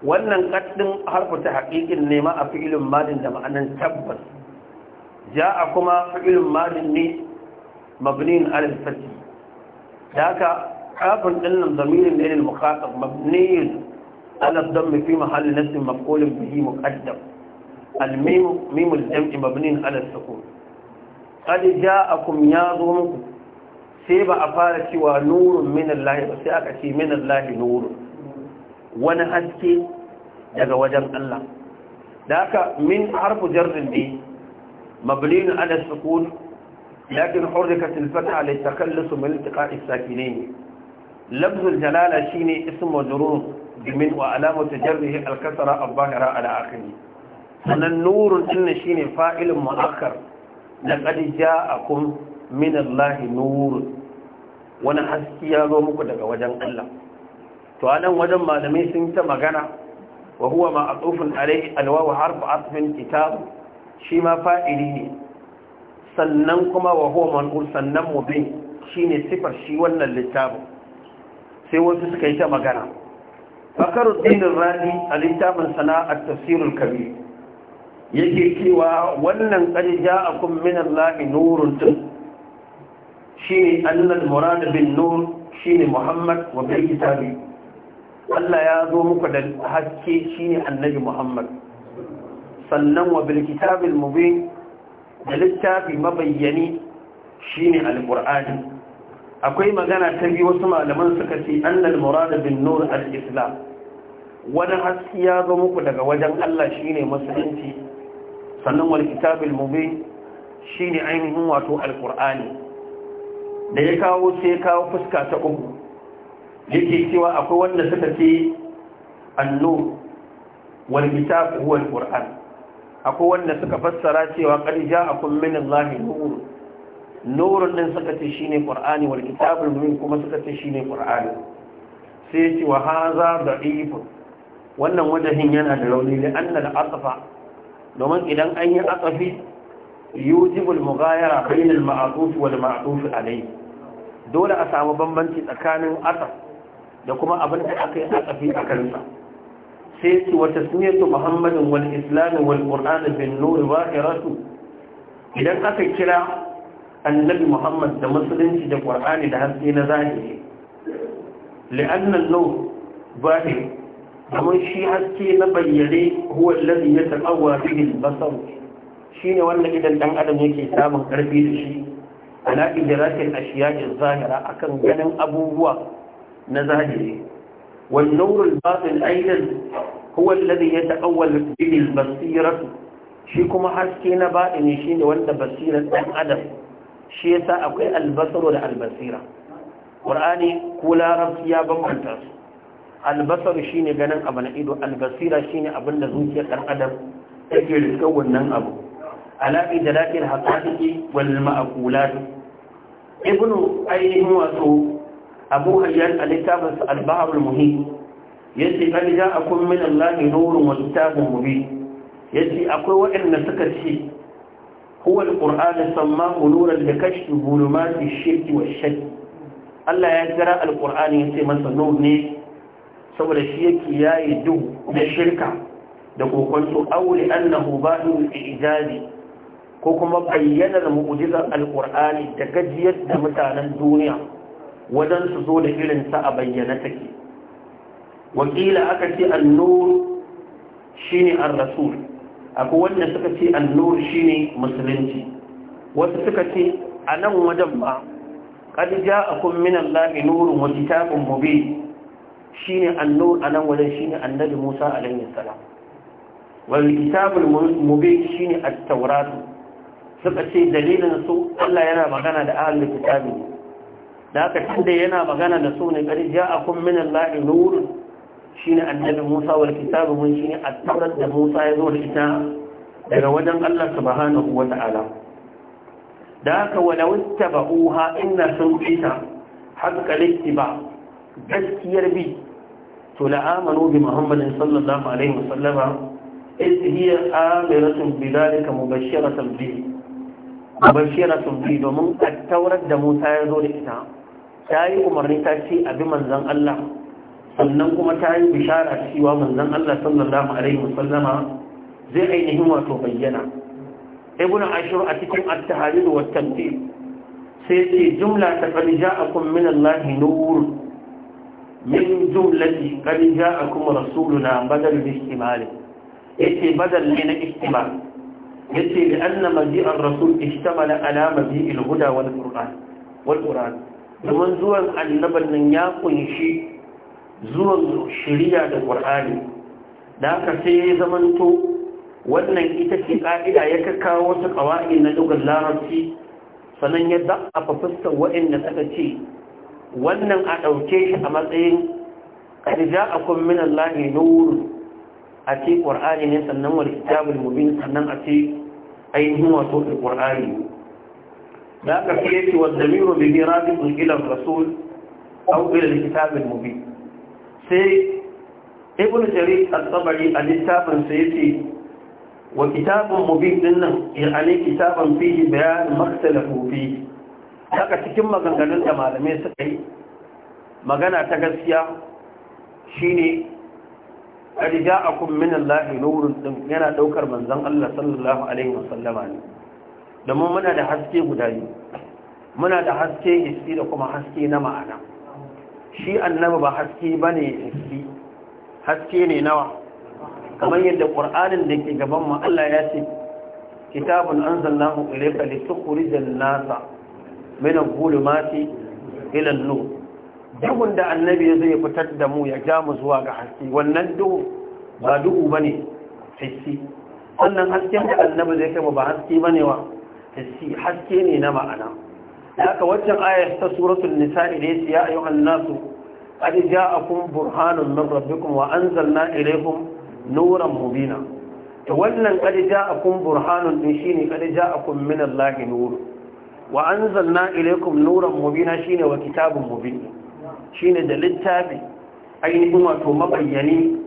Speaker 1: wannan kaddin harfu ta haƙiƙin nema a fi'ilin madin da ma'anan tabbas ja a kuma fi'ilin madin ne mabnin alal fati daka kafin dinnan zamirin ne lil mukhatab mabniyin alal dhamm fi mahalli nasb maf'ul bihi muqaddam al mim mim al jam'i mabnin alal sukun qad ja'akum ya zo muku sai ba a fara cewa nurun min ba sai aka ce min Allah nurun wani haske daga wajen Allah da aka min harfu jarrin ne mabnin ala sukun lakin hurrikat al-fatha li takallus min iltiqa'i sakinayn لفظ الجلالة شيني wa alama بمن وعلامة جره الكسرة الظاهرة على آخره أن النور إن shine fa'il مؤخر laqad ja'akum min Allahi nur wani haski ya zo muku daga wajen Allah to nan wajen malamai sun ta magana wa huwa ma'tufun alayhi alwaw harfu atfin kitabu shi ma fa'ili ne sannan kuma wa huwa manqul sannan mubin shine sifar shi wannan littafin sai wasu suka yi ta magana fakaruddin rani a littafin sana'ar tafsirul kabiru yake cewa wannan ƙarja a kumminan la'i nurun tun shi ne annal murad bin nur shi ne muhammad wa bai kitabi allah ya zo muku da haske shi ne annabi muhammad sannan wa bil kitabil mubin da littafi mabayyani shi ne alƙur'ani akwai magana ta biyu wasu malaman suka ce annal murad bin nur al-islam wani haske ya zo muku daga wajen allah shi ne musulunci sannan wal kitabul mubin ne ainihin wato alqur'ani da ya kawo sai ya kawo fuska ta uku yake cewa akwai wanda suka ce annu wal kitab huwa alqur'an akwai wanda suka fassara cewa qad ja'akum min allahi nur nurun din suka ce ne qur'ani wal kitabul mubin kuma suka ce ne qur'ani sai ya ce wa hadha da'if wannan wajahin yana da rauni da annal asfa domin idan an yi atsafi yujibul mughayara bainal ma'tuf wal ma'tuf alayhi dole a samu bambanci tsakanin atsaf da kuma abin da aka yi atsafi a kansa sai ce wa tasmiyatu muhammadin wal islam wal qur'an bin nur zahiratu idan aka kira annabi muhammad da musulunci da qur'ani da haske na zahiri li'anna an-nur zahir amma shi haske na bayyane huwa allazi ya bihi al-basar shine wanda idan ɗan adam yake samun karfi da shi a ala idrakin ashiya'i zahira a kan ganin abubuwa na zahiri Wannan nurul batin aidan huwa allazi ya bihi al basirar shi kuma haske na batini shine wanda basirar ɗan adam shi ya sa akwai al-basaru da al-basira qur'ani ko larabci ya bambanta su albasar shine ganin abu na ido albasira shine abin da zuciyar dan adam take rika wannan abu ala idrakil haqaiqi wal ma'qulat ibnu ainihin wato abu hayyan al-kitabus al-bahr al-muhit yace qad ja'akum min allahi nurun wa kitabun mubin yace akwai waɗanda suka ce huwa al samma sammahu nuran kashi, kashfi ma su shirki wa shaki. Allah ya jira al-qur'ani yace masa nur ne saboda shi yake yayi duk da shirka da kokonto aure annahu ba'in ijazi ko kuma bayyanar mu'jizar alqur'ani da gajiyar da mutanen duniya wajen su zo da irin sa a bayyana take wakila aka ce an-nur shine ar-rasul akwai wanda suka ce an-nur shine musulunci wasu suka ce a nan wajen ba qad ja'akum min allahi nurun wa kitabun Shi shine annur anan wajen ne annabi Musa a alaihi salam wal kitabul mubin shine at-taurat suka ce dalilin su Allah yana magana da ahlul kitabi da haka tunda yana magana da su ne kare ja'akum min Allah Shi ne annabi Musa wal kitabu mun shine at-taurat da Musa ya zo da ita daga wajen Allah subhanahu wa ta'ala da haka walau tabauha inna sunfita haqqal ba, gaskiyar bi to la amanu bi muhammadin sallallahu alaihi wasallama إذ هي domin بذلك da Musa ya zo ومن التورة Ta yi umarni ta ce a bi منزن Allah. sannan kuma ta yi bishara cewa manzon Allah sallallahu alaihi wasallama zai ainihin wato bayyana ibnu ashur a cikin at-tahlil wa at-tanbih sai ce jumla ta qad ja'akum min Allah nur min jumlati qad ja'akum rasuluna badal al-istimal yace badal ne na istimal yace li anna maji'ar rasul ishtamala ala maji'il huda wal qur'an wal qur'an domin zuwan annaban nan ya kunshi zuwan shari'a da qur'ani da haka sai ya zamanto wannan ita ce ka'ida ya kakkawo wasu ƙawa'i na dogon larabci sannan ya za'afa fuskar waɗanda suka ce wannan a ɗauke shi a matsayin ƙarja a kummin Allah nuru a ce ƙwar'ani ne sannan wani kitabul mubin sannan a ce ainihin wato da ƙwar'ani da aka fiye ce wa damiru bi rabi ilan rasul au ilan kitabul mubin sai ibn jarir al-tabari a littafin sa yace wa kitabun mubin din nan yani kitaban fihi bayan makhtalafu fihi daga cikin maganganun da malamai suka yi magana ta gaskiya shine ƙarja a kummin na wurin ɗin yana ɗaukar manzan Allah sallallahu Alaihi wasallama ne domin muna da haske guda yi muna da haske iski da kuma haske na ma'ana shi annaba ba haske ba ne iski haske ne nawa kamar yadda ƙur'anin da ke gaban Allah ya ce kitabun an zanna mu da li tukhrijan nasa min al-zulumati ila an duhun da annabi ya zai fitar da mu ya ja mu zuwa ga haske wannan duhu ba duhu bane hissi wannan hasken da annabi zai kai ba haske ba ne wa hissi haske ne na ma'ana Ya ka waccan ayar ta suratul nisa'i da yace ya ayyuhan nasu qad ja'akum burhanun min rabbikum wa anzalna ilaykum nuran mubina to wannan qad ja'akum burhanun din shine qad ja'akum min allahi nurun wa anzalna ilaykum nuran mubina shine wa kitabun mubin shine da littafi ainihin wato mabayyani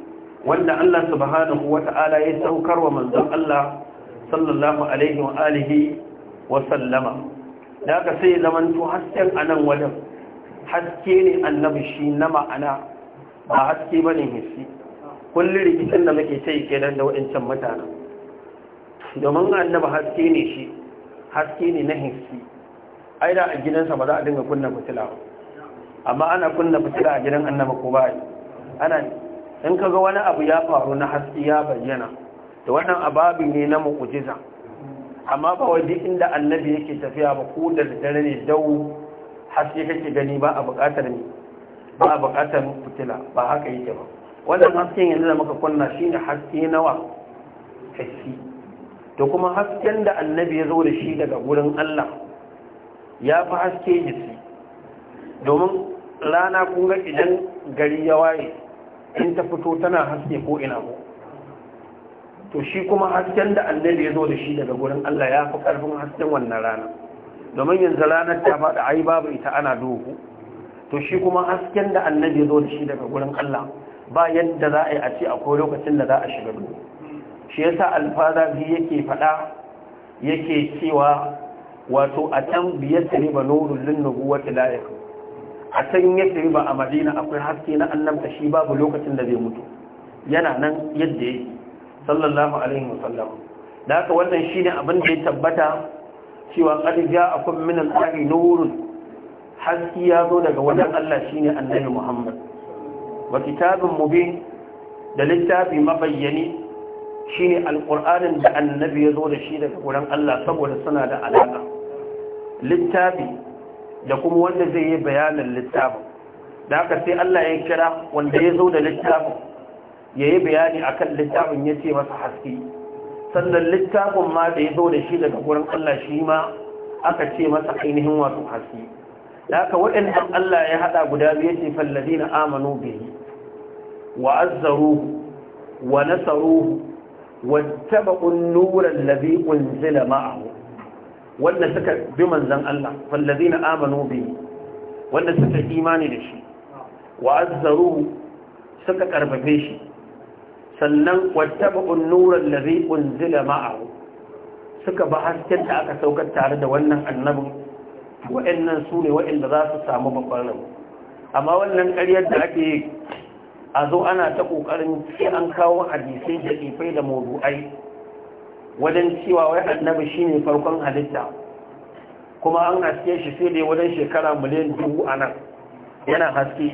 Speaker 1: wanda Allah subhanahu ta'ala ya saukar wa manzon Allah sallallahu alaihi wa alihi wa sallama da ka sai zaman to hasken anan wajen haske ne annabi shi na ma'ana ba haske bane hissi kullu rikicin da muke sai kenan da waɗancan mutanen domin annabi haske ne shi haske ne na hissi aida a gidansa ba za a dinga kunna fitila ba amma ana kunna fitila a gidan annaba ko ba ana in ka ga wani abu ya faru na haske ya bayyana da wannan ababi ne na mu'ujiza amma ba wai duk inda annabi yake tafiya ba ko da dare ne dau haske kake gani ba a buƙatar ne ba a buƙatar fitila ba haka yake ba wannan hasken yanzu da muka kunna shine haske nawa haske to kuma hasken da annabi ya zo da shi daga gurin Allah ya fi haske jiki domin rana kunga idan gari ya waye in ta fito tana haske ko ina ko to shi kuma hasken da annabi ya zo da shi daga gurin Allah ya fi karfin hasken wannan rana domin yanzu ranar ta faɗa ai babu ita ana dogo to shi kuma hasken da annabi ya zo da shi daga gurin Allah ba yadda za a yi a ce akwai lokacin da za a shiga dogo shi yasa alfaza yake faɗa yake cewa wato a can biyasri ba nurul lin nubuwati la a can yasri ba a madina akwai haske na annabta shi babu lokacin da zai mutu yana nan yadda yake sallallahu alaihi wasallam da aka wannan shine abin da ya tabbata cewa qad akwai min al-haqqi nurun haske ya zo daga wajen Allah ne annabi Muhammad wa mu mubin da littafi mabayyani shine alqur'anin da annabi ya zo da shi daga wurin Allah saboda suna da alaka littafi da kuma wanda zai yi bayanin littafin da aka sai Allah ya kira wanda ya zo da littafin ya yi bayani a kan littafin ya ce masa haske sannan littafin ma da ya zo da shi daga wurin Allah shi ma aka ce masa ainihin wasu haske da haka waɗannan Allah ya haɗa guda biyu ce fallazi na amanu bihi wa azzaruhu wa nasaruhu wa tabaqun nuran ladhi unzila ma'ahu wanda suka bi manzan Allah na amanu bihi wanda suka imani da shi wa azzaruhu suka karfafe shi sannan wattaba'un nuran ladhi unzila ma'ahu suka ba hasken da aka saukar tare da wannan annabin wa'annan su ne wa'anda za su samu babban amma wannan ƙaryar da ake a zo ana ta ƙoƙarin sai an kawo hadisai da ifai da mudu'ai. wajen cewa wai annabi shine farkon halitta kuma an haske shi sai dai wajen shekara miliyan dubu a nan yana haske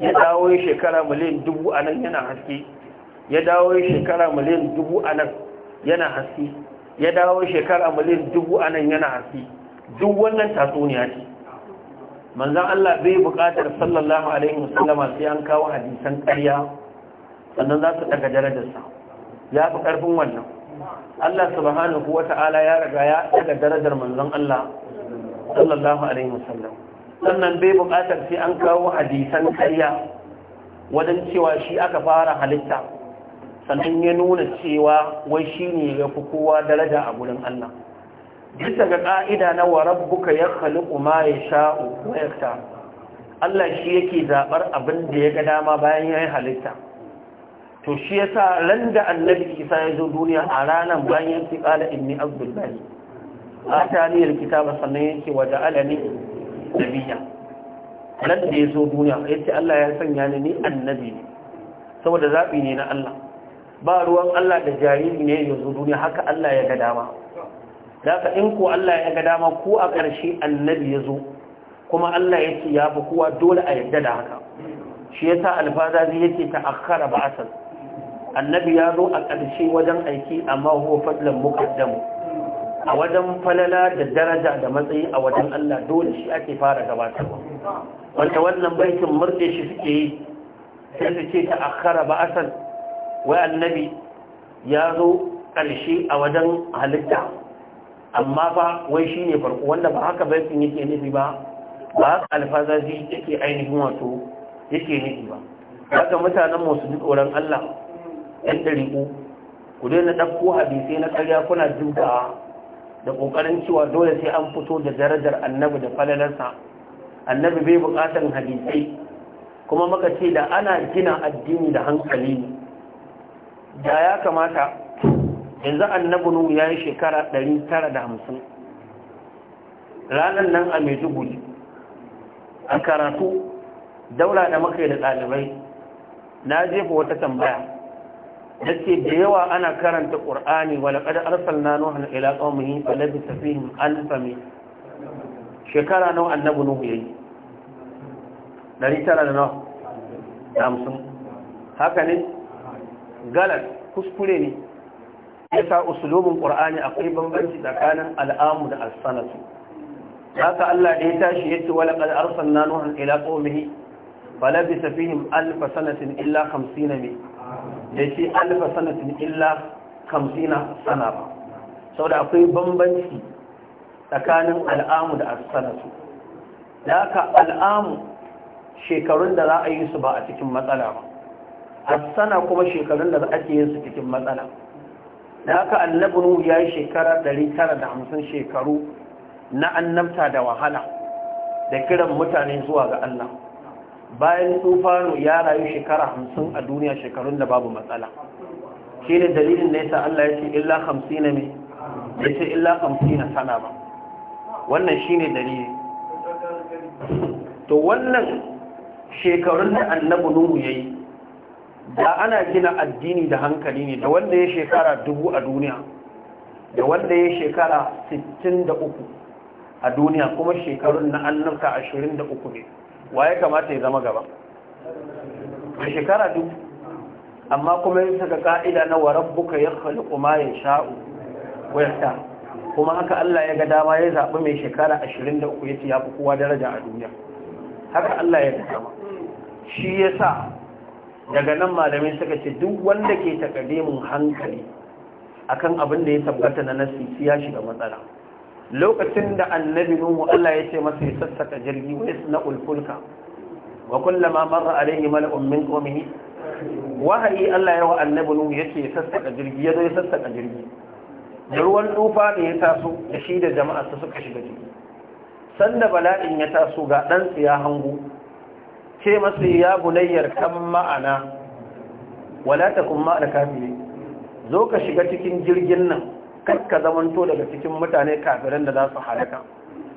Speaker 1: ya dawo shekara miliyan dubu a nan yana haske ya dawo shekara miliyan dubu a nan yana haske ya dawo shekara miliyan dubu a nan yana haske duk wannan tatsuniya ce manzan Allah bai buƙatar sallallahu alaihi wasallama sai an kawo hadisan ƙarya sannan za su daga darajarsa ya fi ƙarfin wannan Allah subhanahu wa ta'ala ya riga ya daga darajar manzon Allah sallallahu alaihi wasallam sannan bai buƙatar sai an kawo hadisan kariya wajen cewa shi aka fara halitta sannan ya nuna cewa wai shi ne ya fi kowa daraja a gurin Allah bisa ga ƙa'ida na wa rabbuka ya khaliqu ma yasha'u wa yakta Allah shi yake zabar abin da ya ga dama bayan ya halitta to shi yasa ran annabi isa ya zo duniya a ranar bayan ya kala inni abdullahi a taniyar kitaba sannan yake wa ja'ala ni nabiyya da ya zo duniya yace Allah ya sanya ni ni annabi ne saboda zabi ne na Allah ba ruwan Allah da jariri ne ya zo duniya haka Allah ya ga dama daga in ko Allah ya ga dama ko a ƙarshe annabi ya zo kuma Allah ya ce ya fi kowa dole a yadda da haka shi yasa alfazazi yake ta akhara ba'asan annabi ya zo a ƙarshe wajen aiki amma huwa fadlan muqaddam a wajen falala da daraja da matsayi a wajen Allah dole shi ake fara gabatarwa wanda wannan baitin murde shi suke yi sai su ce ta akhara ba asal wai annabi ya zo ƙarshe a wajen halitta amma ba wai shi ne farko wanda ba haka baitin yake nufi ba ba haka alfazazi yake ainihin wato yake nufi ba haka mutanen mu su ji tsoron Allah ɗan ɗari'u ku daina ɗauko hadisai na ƙarya kuna duka da ƙoƙarin cewa dole sai an fito da darajar annabi da falalarsa annabi bai buƙatar hadisai kuma muka ce da ana gina addini da hankali ne da ya kamata yanzu annabi nuhu ya yi shekara 950 ranar nan a maiduguri a karatu daula da maka da ɗalibai na jefa wata tambaya Dake da yawa ana karanta qur'ani wa laqad arsalna nuhan ila qaumihi falabisa fihim alfami shekara nawa annabi nuhu yayi dari tara da nawa hamsin haka ne galat kuskure ne yasa usulubin qur'ani akwai bambanci tsakanin al'amu da as-sanatu haka Allah da ya tashi yace wa laqad arsalna nuhan ila qaumihi falabisa fihim alf sanatin illa 50 min da shi alfa sanatin illa kamsina sana ba sau da akwai bambanci tsakanin al'amu da asanatu da aka al'amu shekarun da za a yi su ba a cikin matsala ba asana kuma shekarun da za a yi su cikin matsala da aka annabinu ya yi shekara 950 shekaru na annabta da wahala da kiran mutane zuwa ga Allah bayan tufanu ya rayu shekara hamsin a duniya shekarun da babu matsala shi ne dalilin da sa Allah ya ce illa hamsin na mai ya ce illa hamsin na sana ba wannan shi ne dalilin. to wannan shekarun da annabu nuhu ya yi da ana gina addini da hankali ne da wanda ya shekara dubu a duniya da wanda ya shekara 63 a duniya kuma shekarun na annabta 23 ne waye kamata ya zama gaba a shekara duk amma kuma yin saka ka'ida na wa rabbuka ya kwali kuma ya sha'u wata kuma haka Allah ya ga dama ya zabi mai shekara 23 yace ya fi kowa daraja a duniya haka Allah ya zama Shi ya sa daga nan malamai suka ce duk wanda ke mun hankali akan abin da ya tabbata na nasi ya shiga matsala lokacin da annabi nuhu Allah ya ce masa ya sassaka jirgi wa na ulfulka wa kullama marra alaihi mala'un min qawmihi wahayi Allah ya wa annabi nuhu yace ya sassaka jirgi ya zo ya sassaka jirgi da ruwan tufa da ya taso da shi da jama'a su suka shiga jirgi. sanda bala'in ya taso ga dan ya hango ce masa ya bunayyar kan ma'ana wala takum ma'al kafiri zo ka shiga cikin jirgin nan kar ka zamanto daga cikin mutane kafiran da za su halaka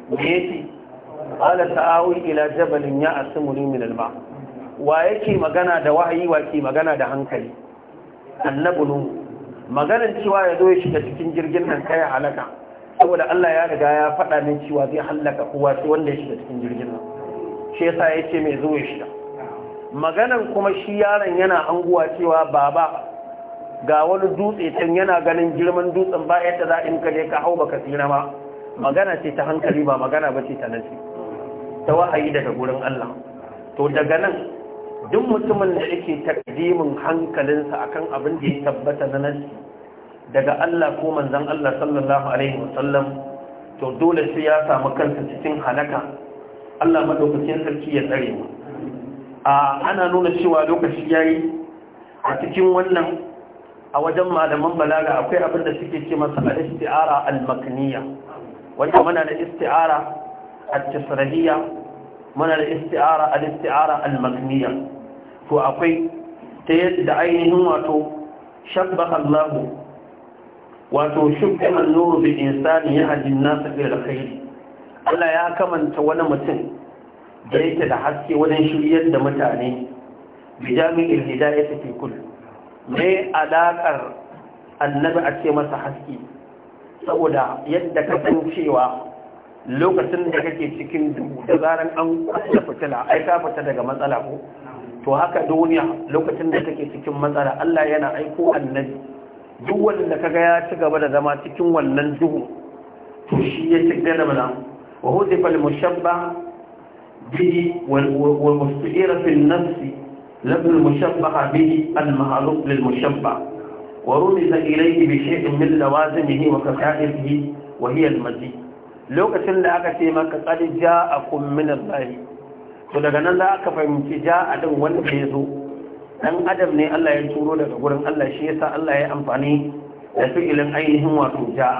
Speaker 1: me yake ala ta'awi ila jabalin ya asmuni min alma wa yake magana da wahayi wa ke magana da hankali Annabulu. maganar cewa ya zo ya shiga cikin jirgin nan kai halaka saboda Allah ya riga ya faɗa min cewa zai halaka kowa sai wanda ya shiga cikin jirgin nan shi yasa yace mai zo ya shiga maganan kuma shi yaron yana anguwa cewa baba ga wani dutse can yana ganin girman dutsen ba yadda za in ka ka hau baka tsira ba magana ce ta hankali ba magana ba ce ta nasi ta wahayi daga gurin Allah to daga nan duk mutumin da yake takdimin hankalinsa akan abin da ya tabbata na nasi daga Allah ko manzon Allah sallallahu alaihi wasallam to dole sai ya samu kansa cikin halaka Allah madaukakin sarki ya tsare mu a ana nuna cewa lokaci yayi a cikin wannan a wajen malaman balaga akwai abin da suke ce masa al isti'ara al makniya wanda muna da isti'ara al tisrahiyya muna da isti'ara al isti'ara al makniya to akwai ta yadda ainihin wato shabbaha Allah wato shubha an-nur bi insani yahdi an-nas ila al-khair Allah ya kamanta wani mutum da yake da haske wajen shiryar da mutane bi jami'il hidayati fi kulli me alaƙar annabi a ce masa haske saboda yadda ka san cewa lokacin da kake cikin duhu da zaran an kwanta fitila ai ka fita daga matsala ko to haka duniya lokacin da kake cikin matsala Allah yana aiko annabi duk wanda kaga ya ci gaba da zama cikin wannan duhu to shi ya ci gaba da mana wa hudifa al mushabba bi wal mustaqira fi لفظ المشبه به المعروف للمشبه ورمز إليه بشيء من لوازمه وكفائته وهي المزيد لو كتن لأك تيمك قد جاءكم من الله فلقنا لأك فهمت جاء دم والحيزو أن أدم ني الله ينشورو لك قرن الله شيسا الله يأمفاني لفئل أينهم واتو جاء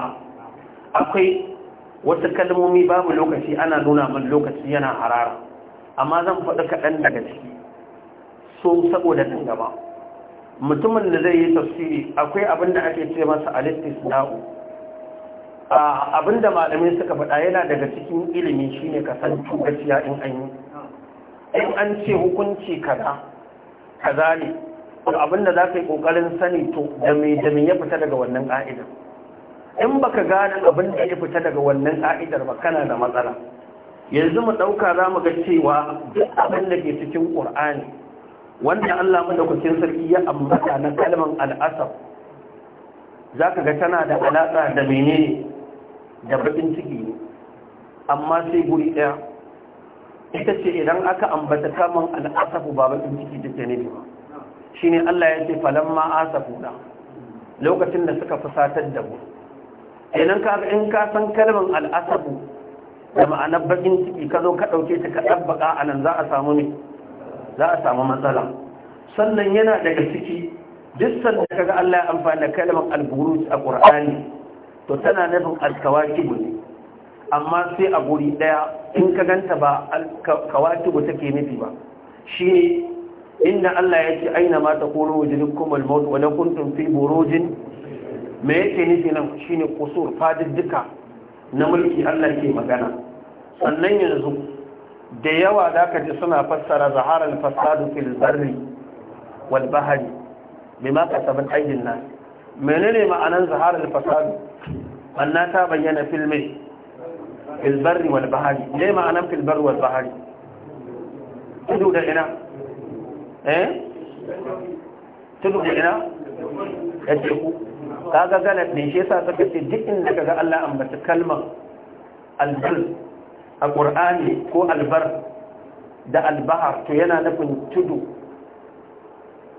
Speaker 1: أخي wata kalmomi babu lokaci ana nuna min lokaci yana harara amma zan faɗi kaɗan daga ciki so saboda nan gaba mutumin da zai yi tafsiri akwai abin da ake ce masa alistis na'u abin da malami suka faɗa yana daga cikin ilimi ne ka san gaskiya in an yi in an ce hukunci kaza kaza ne abin da za ka yi ƙoƙarin sani to da mai da ya fita daga wannan ƙa'idar in ba ka gane abin da ya fita daga wannan ƙa'idar ba kana da matsala yanzu mu ɗauka za mu ga cewa duk abin da ke cikin ƙur'ani wanda Allah madaukakin sarki ya ambata na kalman al'asab zaka ga tana da alaka da menene da bakin ciki ne amma sai guri daya ita ce idan aka ambata kalman al'asab ba bakin ciki take ne ba shine Allah ya ce falamma asafuna lokacin da suka fusatar da mu idan ka in ka san kalman al'asab da ma'anar bakin ciki ka zo ka dauke ta ka dabbaka anan za a samu ne za a samu matsala sannan yana daga ciki duk sanda kaga Allah ya amfani da kalmar al-buruj a Qur'ani to tana nufin al-kawakib ne amma sai a guri daya in ka ganta ba al-kawakib take nufi ba shine inda Allah ya ce aina ma takunu wujudukum al-maut wa la kuntum fi burujin me yake nufi nan shine kusur fadiddika na mulki Allah ke magana sannan yanzu da yawa za ka ji suna fassara zaharar fasadu fil barri wal bahari bi ma kasabat aydin nas menene ma'anan zaharar fasadu anna ta bayyana filme. mai fil barri wal bahari ne ma'anan fil barri wal bahari tudu da ina eh tudu da ina ya teku ga galat ne shi yasa suka ce duk inda kaga Allah ambata kalmar albir a ƙur'ani ko albar da albahar to yana nufin tudu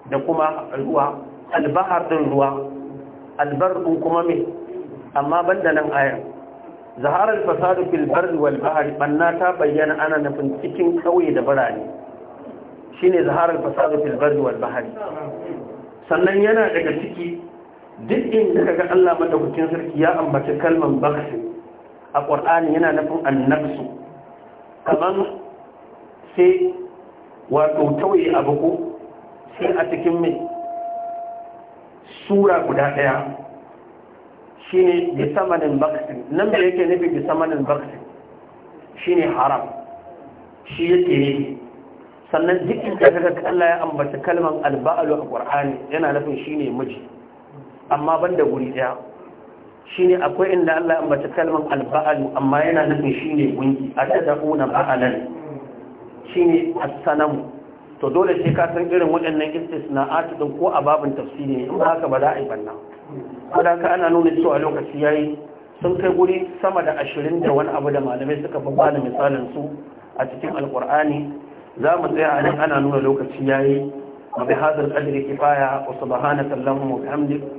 Speaker 1: da kuma ruwa albahar ɗin ruwa albar ɗin kuma mai amma banda nan ayar zaharar fasadu filbar wal bahari ɓanna ta bayyana ana nufin cikin kauye da birane shine zaharar fasadu filbar wal bahari sannan yana daga ciki duk inda kaga Allah madaukakin sarki ya ambaci kalman bakhsin a ƙwar'ani yana nufin annabsu kamar sai wato tauye a ko sai a cikin mai sura guda ɗaya shine bi samanin baksin nan da yake nufi bi samanin baksin shine haram shi yake ne sannan jikin da Allah ya ambaci kalmar alba'alu a Qur'ani yana nufin shine miji amma ban da guri ɗaya. shine akwai inda Allah ya ambata kalmar alba'alu amma yana nufin shine gunki a tad'una ba'alan shine as-sanamu to dole sai ka san irin waɗannan istisna'at din ko a babin tafsiri In in haka ba za a yi banna kada ka ana nuna cewa lokaci yayi sun kai guri sama da ashirin da wani abu da malamai suka fi bada misalin su a cikin alkur'ani za mu tsaya a nan ana nuna lokaci yayi wa bi hadha al-qadri kifaya wa subhanaka allahumma wa bihamdika